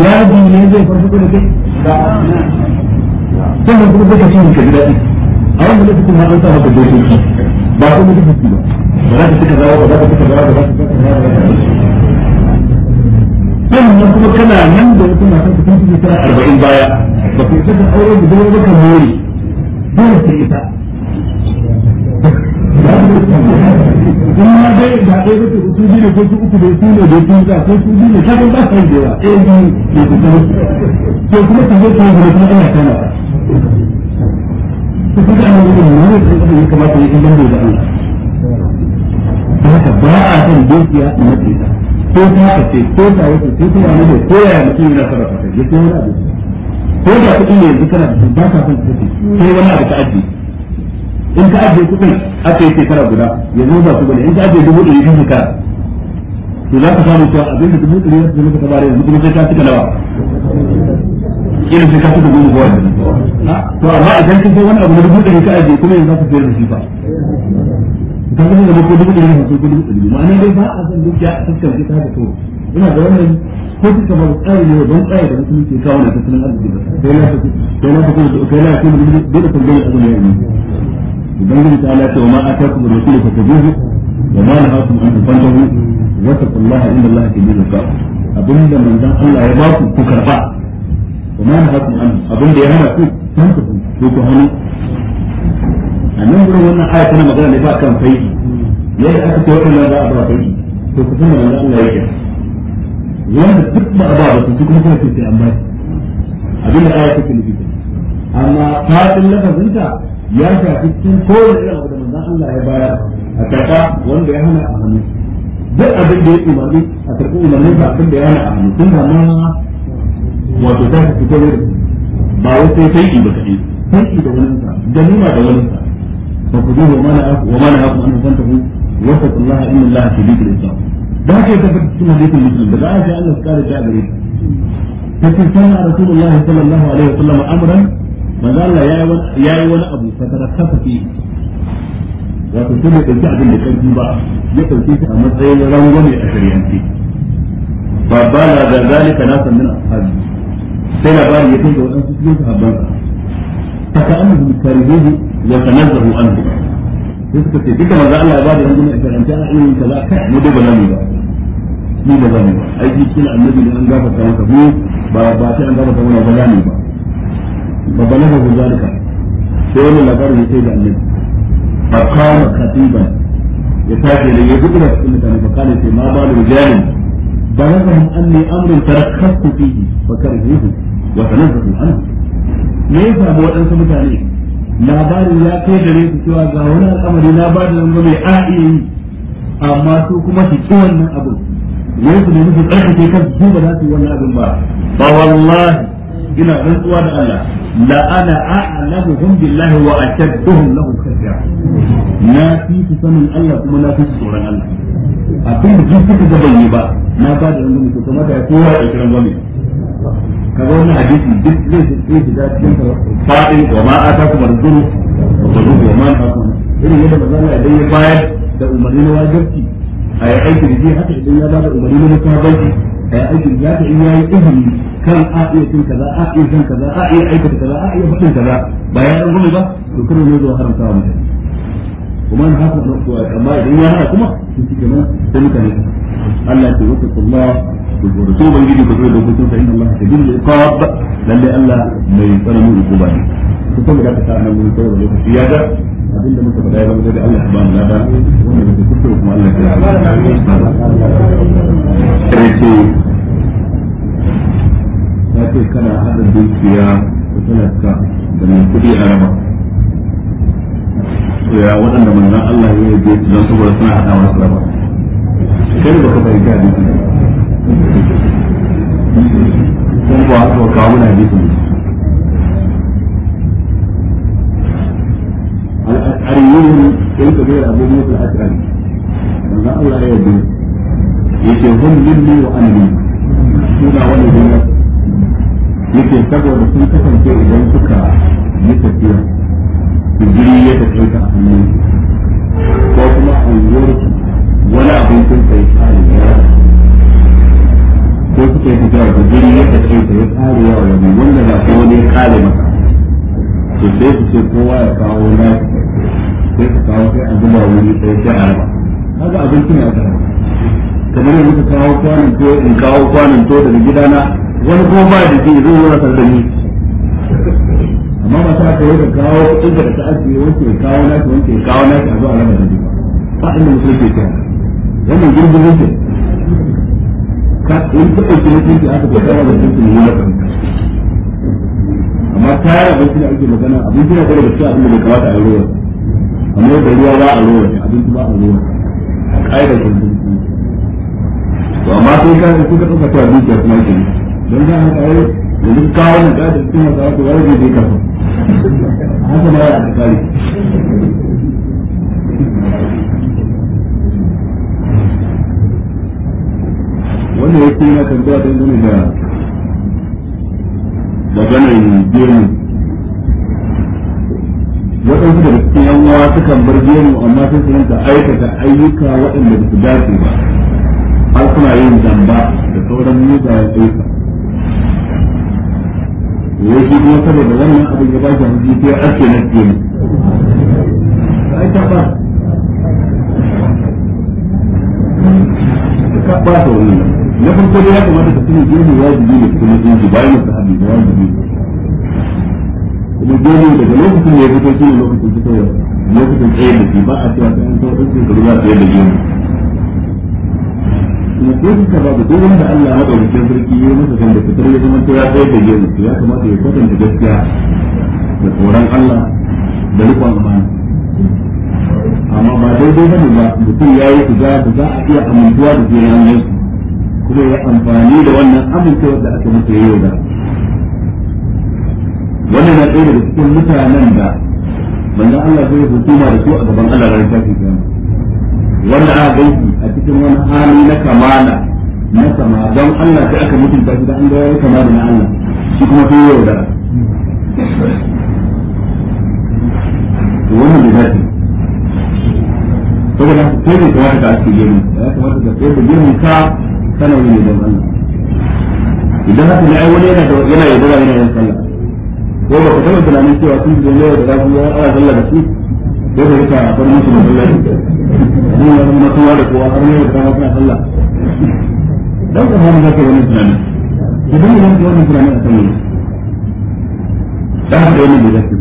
A: yaji ne zai farko da kai sannan kuma duka shi ka ji daɗi a wannan ne ma an sa maka dokoki ba kuma duk ba ba za ka cika za ka cika za ka cika za ka cika
C: sannan kuma kana
A: nan da wata matan ka kuma shekara arba'in baya ba ku isa ka aure da dole ba ka more dole sai ita in ma dai da ɗaya ba ce su ne ko su uku da su ne da su za ko su ne ta ba san da yawa ɗaya biyu ne ku san to kuma ta zo ta yi gudu kuma ina kuma ana gudu ne ne ta kuma kamata ne in ban da Allah haka ba a san dukiya na tsira ko ta ce ko ta wace ko ta wani ne ko ya ta yana sarrafa kai ya ce wani abu ko da kuɗi ne yanzu kana da ba ka son kace sai wani abu ta ajiye in ka ajiye kuɗin aka yi shekara guda yanzu ba su bane in ka ajiye dubu ɗari biyu shekara to za ka samu cewa abin da dubu ɗari wasu zama ka tabare yanzu kuma sai ka cika nawa irin sai ka cika goma goma to amma idan kin sai wani abu na dubu ɗari ka ajiye kuma yanzu za ka sayar da shi ba ta kuma da ko dubu ɗari ko dubu ma ma'ana dai ba a san dukiya a fuskar ta haka to ina da wannan ko kamar ba tsari ne don tsari da mutum ke kawo na tattalin arziki ba kai na tafi kai na tafi kai na tafi dole kan dole azumi ya yi ubangiji ta ala ce wa ma atakum rasulu fa tabihu wa ma nahakum an tufantahu wa taqullaha inda allaha kabirul qawl abinda manzon Allah ya ba ku ku karba wa ma nahakum an abinda ya hana ku tantu ku ku a nan wannan aya tana magana ne ba kan faidi yadda aka ce wannan za a ba faidi to ku san wannan Allah yake wanda duk ba ba ba su kuma sai sai amma abin da aya take nufi amma fatin lafazinta ya shafi cikin kowane irin abu da manzo Allah ya bayar a karɓa wanda ya hana a hannu duk abin da ya umarni a karɓi umarnin sa abin da ya hana a hannu tun da ma wato ta fito ta ba wai sai sai ba kaɗai sai da wani sa ganima da wani sa فخذوه وما نهاكم وما نهاكم عنه فانتهوا واتقوا الله ان الله شديد الاسلام ده كده تفكر في Da مسلم ده عايز الله قال ده غريب فكان كان رسول الله صلى الله عليه وسلم امرا manzo Allah ya yi wani abu fatarakasa fi wato shi bai ɗauki abin da ƙarfi ba ya ɗauki shi a matsayin rangwame a shari'ance ba ba na da zalika na sannan ashabi sai labari ya kai ga waɗansu cikin sahabban sa ta ka annabi karihu wa tanazzahu anhu sai suka ce duka manzo Allah ya ba da rangumi a karanta a ilimin kaza kai mu duba nan ba ni ba zamu ba ai shi kila annabi ne an gafarta masa mu ba ba sai an ta mana ba zamu ba ba balaga ku zalika sai wannan labarin ya sai da annabi fa qama khatiban ya tafi da ya gudu da cikin mutane fa kana sai ma ba da rijalin balagahum anni amrun ba kare fa karhihu wa tanazzahu anhu me ya samu waɗansu mutane labarin ya kai gare su cewa ga wani al'amari na ba da zango mai a amma su kuma su ci wannan abin wai su nemi su tsarkake kan su ba za su yi wannan abin ba Ba wallahi ina rantsuwa da Allah la ana a'lamuhum billahi wa ashadduhum lahu khashya na fi su sanin Allah kuma na fi su tsoron Allah abin da duk suka ga ba na ba da mutum to da ya kowa ya ɗauki ka ga wani hadisi duk zai zai shiga cikin faɗin wa ma ta kuma rizuru wa qulu wa ma ata irin yadda manzo Allah idan ya bayar da umarni na wajibi a yi aiki da ji haka idan ya ba da umarni na musabanci a yi aiki da haka ya yi izini kan a iya cin kaza a iya san kaza a iya aikata kaza a iya faɗin kaza ba ya rangwame ba to kuma ne zuwa haramta wa mutane kuma na haka amma idan ya hana kuma su ci kenan sai mutane Allah ke wata Allah ku gora so ban gidi ku zo da hukunta inna Allah ta gidi iqab lalle Allah mai tsananin hukuma ne ku saboda ka sa nan mun tsoro lokaci ya ga abin da muka faɗa ya zama da Allah subhanahu wa ta'ala wanda muke kuskure kuma Allah ya rike ya ce kana hada dukiya da talaka da mai kuɗi a raba ya waɗanda manzan Allah ya yi don saboda suna haɗawa su raba kai da ka bai gadi kun ba to kawo na bi al-ariyun kai ka bai abu musul asrani manzo Allah ya yi yake hun minni wa anni suna wani dinna yake saboda sun kasance idan suka yi tafiya digiri ya tafi ta hannun ko kuma a yi gare ta ya kare yawa ya bi wanda da kuma ne kare masa to sai su ce kowa ya kawo na sai su kawo sai a zuba wuri sai sai a raba kaga abinci ne aka raba kamar yanzu muka kawo kwanin to in kawo kwanin to daga gidana wani kuma ba da ke zai wura tare da ni amma ba ta ka yi da kawo inda da ta ajiye wanke kawo na ta wanke kawo na ta zuwa raba da ni ba inda mutum ke kai wannan girgin ne ka in ka ɗauki mutunci aka ko kawo da mutunci ne ya amma da ake magana abinci da shi abin da bai kamata a ruwa amma da ruwa ba a ruwa ba a ruwa a to amma sai ka ɗauka ta kuma ke don a ƙa'idar yanzu kawo na cikin masu zai kafa haka ma ya a wannan ya kuma tambaya don gane da maganan gemu waɗansu daga cikin yan uwa sukan bar gemu amma sun su da aikata ayyuka waɗanda ba su dace ba har suna yin zamba da sauran mugayen ayyuka ya shi kuma saboda wannan abin ya ba shi hanji sai ake na gemu ai ba ka ba ta wani na farko dai ya kamata ka sani gemu wajibi ne kuma sun ji bayan da sahabi da wajibi kuma gemu daga lokacin da ya fito shi ne lokacin fitowa lokacin tsaye da shi ba a cewa ta an kawo ɗaukin da ruwa tsaye da gemu kuma ko suka babu duk wanda Allah ya ɗauke sarki ya masa kan da fitar ya zama ya tsaye da gemu ya kamata ya kwatanta gaskiya da tsoron Allah da rikon amana amma ba daidai ba ne ba mutum ya yi da ba za a iya amintuwa da fiye yanzu kuma ya amfani da wannan amincewa da aka masa yau da wannan na ɗaya daga cikin mutanen da manzon Allah zai hukuma da su a gaban Allah ran tafi kan. wannan a gaiki a cikin wani hali na kamala na sama don Allah sai aka mutunta shi da an ga yayi kama da na Allah shi kuma sai yau da
C: wannan da zai
A: saboda haka sai ne kamata ka ake gani ya kamata ka kai da girman ka kana yin yabon Allah idan haka ne ai wani yana yana yabon yana yin sallah ko ba ku taɓa tunanin cewa sun ji ne da zafi ya ana sallah da su ko da yake a bar musu da Allah ne ya zama kowa da kowa har ne da kuma kana sallah dan ka fara zaka wani tunani idan yana da wani tunani a kan dan haka yana da zafi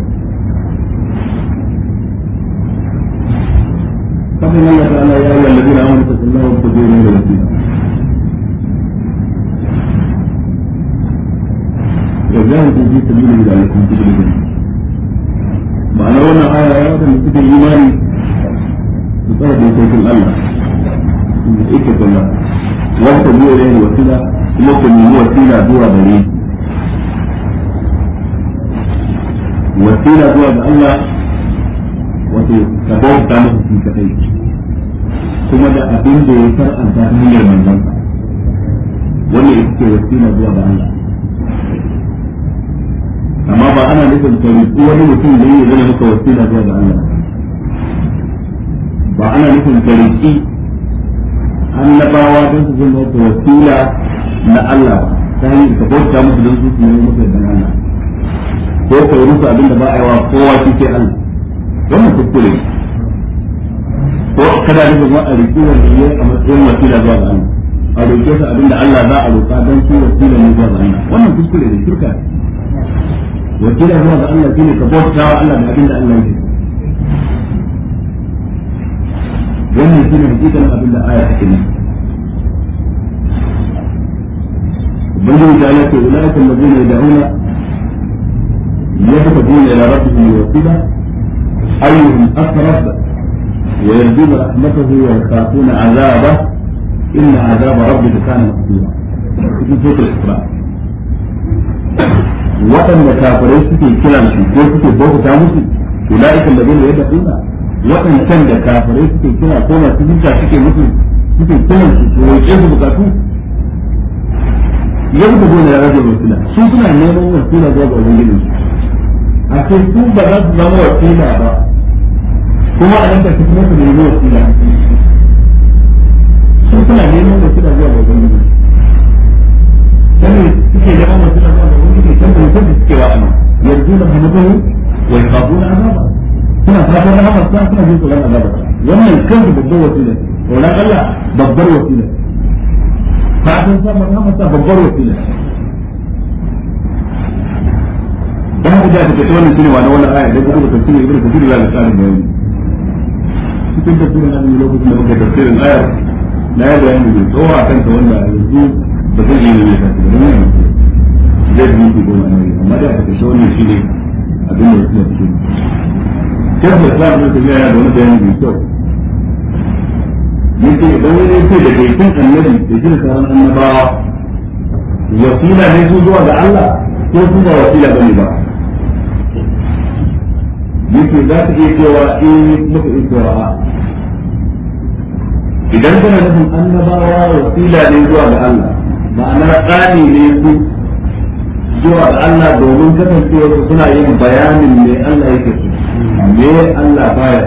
A: قبل الله تعالى يا ايها الذين امنوا اتقوا الله jihar fi sabilillahi da alaikum tubulun ma'ana wannan aya ya wadanda suka imani su tsara dokokin Allah da ita kuma wata biyo ne wasila kuma ku nemi wasila zuwa gare wasila zuwa ga Allah wato ka bauta masa shi kadai kuma da abin da ya far'anta ne manzon wannan ita wasila zuwa ga Allah amma ba ana nufin ka rubu wani mutum da yake zama maka wasila zuwa ga Allah ba ana nufin ka rubu annabawa don su zama maka wasila na Allah ta hanyar ka bauta musu don su yi maka da Allah ko ka yi musu abinda ba a yi wa kowa shi ke Allah wannan kuskure ko kada nufin wa a rubu wanda ya a matsayin wasila zuwa ga Allah a roƙe su abinda Allah za a roƙa don su wasila ne zuwa ga Allah wannan kuskure ne shirka ne وكذا هو بأن الدين كبوت جاء ألا بأكل أن لا يجب وأن الدين حقيقة لا أبدا آية حكمة بلو جاءت أولئك الذين يدعون يهتدون إلى ربهم يوصلا أيهم أقرب ويرجون رحمته ويخافون عذابه إن عذاب ربك كان مقدورا. في سورة الإسلام. waɗanda kafirai suke kiran su ko suke bauta musu ulaiikal ladina yad'una waɗannan da kafirai suke kira ko masu hujja suke musu suke kiran su ko yake su bukatu yadda gona ya rage wasila su suna neman wasila zuwa ga ubangiji a ce su ba za su zama wasila ba kuma a yanka da kuma su nemi wasila su suna neman wasila zuwa ga ubangiji sai suke neman wasila zuwa يوجد سوى أنه يرجون رحمته ويخافون عذابه هنا فاكر لها مصنع كنا جيت لها عذابة وما يكذب بالضوء وسيلة ولا غلا بالضوء وسيلة فاكر لها مصنع بالضوء وسيلة آية. أنا أقول لك كتابة السنة وأنا ولا آية لك أقول لك السنة يقول لك كتير لا لسالة بأيدي كتابة السنة أنا من الوقت اللي أقول لك تفسير الآية لا يدعي أنه يتوقع كانت وأنا يزيد بسيطة من الناس zai zama ku goma na amma da aka kashe shi ne abin da ya fi da wani mai kyau idan wani ya ce da annabi da annabawa wasila ne su zuwa ga Allah ko su ba wasila ba za ta iya cewa eh, muka idan kana nufin annabawa wasila ne zuwa ga Allah ma'ana tsani ne su zuwa ga Allah domin kasancewa suna yin bayanin me Allah yake so me Allah baya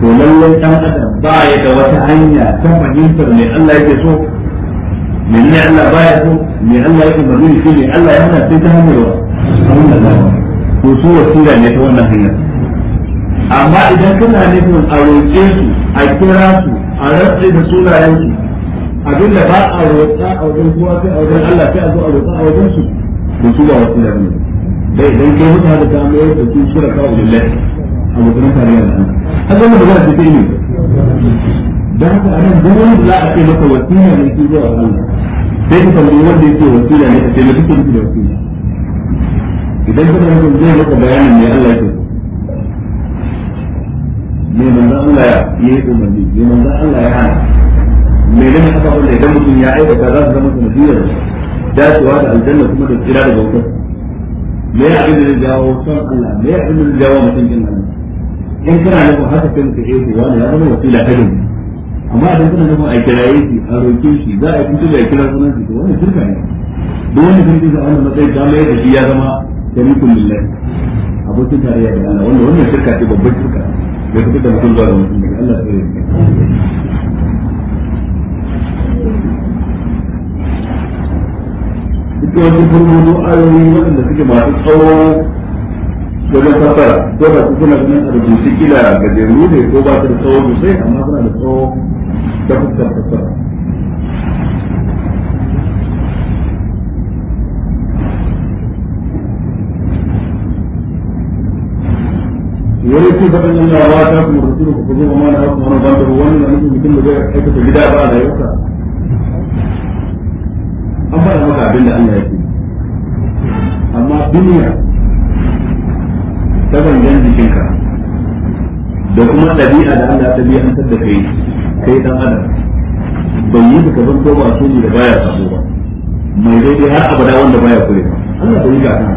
A: to lallai dan adam ba ya da wata hanya ta fahimtar me Allah yake so me ne Allah baya so me Allah yake bari shi ne Allah ya hana sai ta hanyar wa to su wasila ne ta wannan hanyar amma idan kana nufin a roƙe su a kira su a rantsa da sunayen su abinda ba a roƙa a wajen kowa sai a wajen Allah sai a zo a roƙa a wajen su to su ba wasu da ne dai dan kai mutu hada ta mai da su shira ka ulillahi a mutum tarayya da haka mun magana ta kai dan haka anan duk wanda za a ce maka wasila ne ki zuwa Allah sai ka tambayi wanda yake wasila ne ka ce na duk wanda wasila idan ka tambayi zai maka bayanin ne Allah ke me manzo Allah ya yi umarni me manzo Allah ya hana me ne aka faɗa idan mutum ya aikata za su zama sanadiyar dacewa da aljanna kuma da tsira da bautar me ya abin da zai jawo son Allah me ya abin da zai jawo mutum jin Allah in kana nufin haka kan ka eh wani ya zama wasila ta gani amma idan kana nufin a kiraye shi a roke shi za a fito da kira sunan shi to wannan shirka ne duk wani kun ji wannan matsayi ga mai da shi ya zama tarikun billahi abokin tarayya da Allah wannan wannan shirka ce babbar shirka da kuma da mutum zuwa ga mutum Allah ya yi duk wasu furmanu ayoyi waɗanda suke masu tsawo wajen kafara ko da su suna ganin a rubuce kila gajeru ne ko ba su da tsawo sosai amma suna da tsawo ta fuskar kafara wani ce faɗin Allah wa kuma rasulu ku zo ma na wasu wani bandar wani da nufin mutum da zai aikata gida ba da yauka maka abin da Allah ya ce amma duniya ta bangan jikinka da kuma ɗabi'a da Allah ta biya da kai kai dan adam bai yi ka zan ba su da baya sabo ba mai daidai har abada wanda baya kure ba Allah bai yi ga kan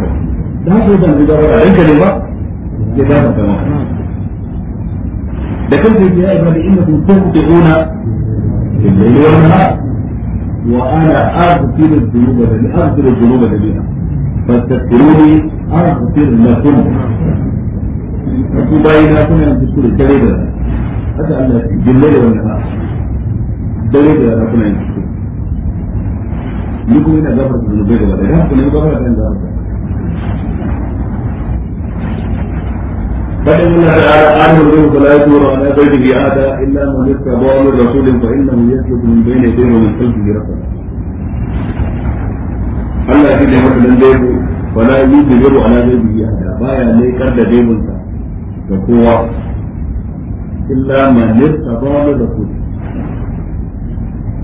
A: da haka zan zuba ba ranka ne ba ya da maka da kanka ya yi ba da inda kun tabbata ona da yayin wannan وانا اغفر الذنوب اغفر الذنوب جميعا فاستغفروني اغفر لكم أكو باينا كنا نذكر كلمة هذا الله بالليل والنهار دليل أنا كنا نذكر يكون هنا غفر الذنوب جميعا هنا كنا نغفر الذنوب فإن تعالى قال يريدك لا يدور على بيته هذا إلا من يتبع رسول فإنه يسلك من بين يديه ومن خلفه رقبة. ألا يجد مثلا ديبو فلا يجد ديبو على بيته هذا فايا لي كرد ديبو إلا من يتبع رسول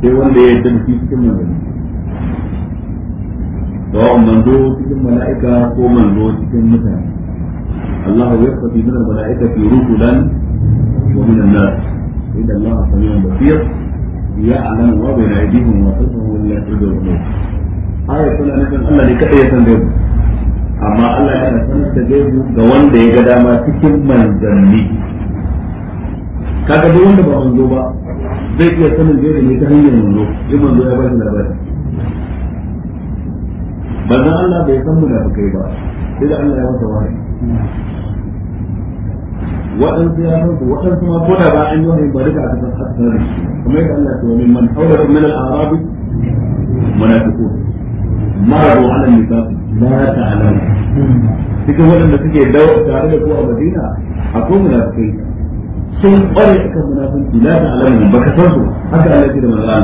A: sai wanda ya tafi cikin magana ba wa manzo cikin mala'ika ko manzo cikin mutane الله يقتفي من الملائكة رسلا ومن الناس إن الله سميع بصير يعلم وبين أيديهم وخلفهم ولا يسرد الأمور آية كل أنا كان الله لكأية سنجيب أما الله كان سنجيب دوان دي قداما تكم من جنبي kaga duk wanda ba manzo ba zai iya sanin da ne ta hanyar manzo in manzo ya ba shi labari bazan Allah bai san mu da ba sai da Allah ya masa wahayi waɗansu ya san waɗansu ma ko da ba an yi wani ba kuma yadda Allah ala cikin waɗanda suke dawo tare da a Madina akwai munafikai sun ƙware ba ka san su haka Allah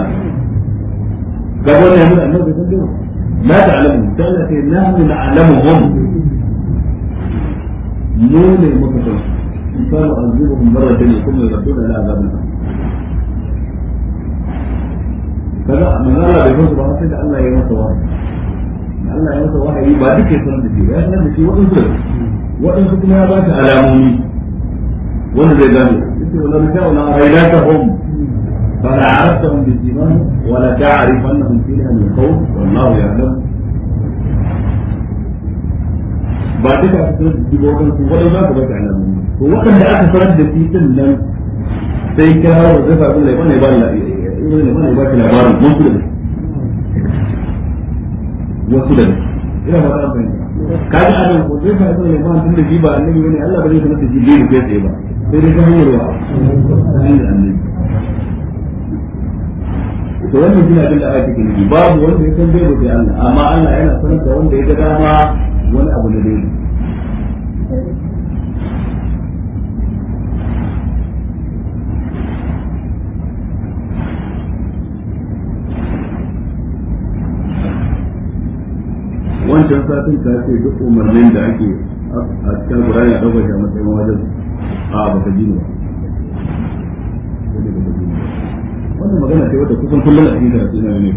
A: ga ya annabi la Allah mu ne muka san su kana azubuhum marratan kuma yarduna ila azabin kaga manzo Allah bai musu ba sai da Allah ya masa wahayi Allah ya masa wahayi ba duke sanar da shi ya sanar da shi waɗansu waɗansu kuma ya ba shi alamomi wanda zai gano yace wala raja'una haylatahum فلا عرفتهم بسيماهم ولا تعرفنهم فيها من خوف والله يعلم ba duka da shi ba su wajen za su bata alamu to waɗanda aka sanar da shi nan
B: sai kira wa zai fa bin laifin ba ne ba ki labarin
A: su da ne wasu da ne ina ba ta fahimta kaji adam ko zai fa bin laifin tun da shi ba annabi bane Allah ba zai sanar da shi bai ba sai dai ta hanyar wa to wannan jina bin da aka kike babu wanda ya san bai ba Allah amma Allah yana sanar da wanda ya ga dama wani abu wancan satin ce duk umarnin da ake a cikin Qur'ani ya dauka a matsayin wajen a baka wannan magana ce kusan kullum a cikin karatu na ne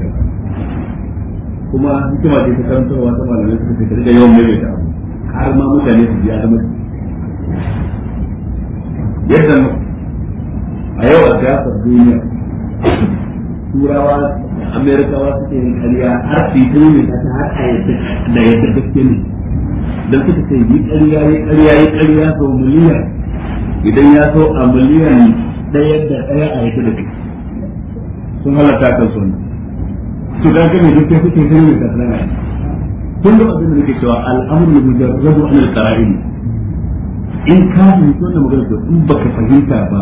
A: kuma hikima ce ta karantarwa ta malamai suka ce ka yawan mai da abu har ma mutane su ji zama yadda a yau a siyasar duniya turawa amerikawa suke yin kariya har su yi tuni ta ta har a yadda da yadda gaske ne don suka ce yi kariya yi kariya yi kariya sau miliyan idan ya so a miliyan ɗaya da ɗaya a yadda da sun halatta kan sunan to da ga me duk kuke sai da tsara kullum abin da nake cewa al'amru mujarradu an al in ka fahimci wannan magana to in baka fahimta ba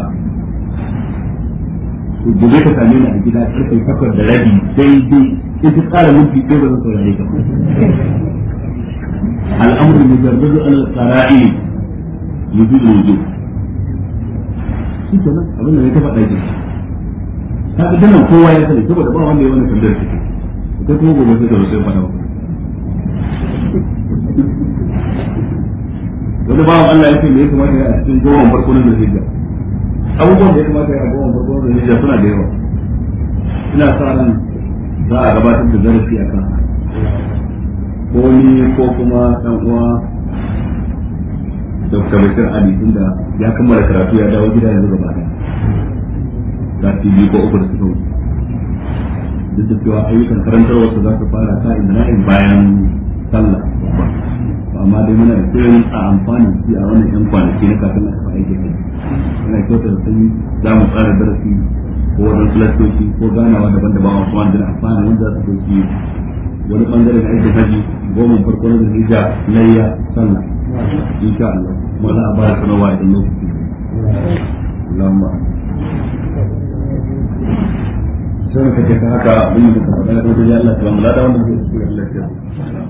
A: to gobe ka same ni a gida karfe takwas da rabi daidai in ka tsara minti ɗaya ba zan saurare ka al'amru mujarradu an al-qara'in yujibul wujub shi kenan abin da ne faɗa ke ka ga kowa ya sani saboda ba wanda ya wani ciki kuma gobe sai da fada wani Allah ya ce me ya kamata ya a cikin farko na abubuwan da ya kamata ya a farko na suna da yawa ina sa ran za a gabatar da zarafi a kan ko ni ko kuma dan uwa Dr. Bashir Ali tunda ya kammala karatu ya dawo gida yanzu gaba ɗaya sati biyu ko uku da suka wuce duk da cewa ayyukan karantar wasu za su fara ta ina in bayan sallah ba amma dai muna da kiran a amfani shi a wannan yan kwanaki na kafin a tafi aiki ne ina kyauta da sai za mu tsara darasi ko wajen filastoci ko ganawa daban-daban wasu wanda na amfani wanda za su ɗauki wani bangare na aikin haji goma farko na zirga layya sallah insha Allah mana a ba sanarwa idan lokaci Allahumma sai muka ce haka
C: abin da ka faɗa da dole Allah ta wanda da wanda a Allah ya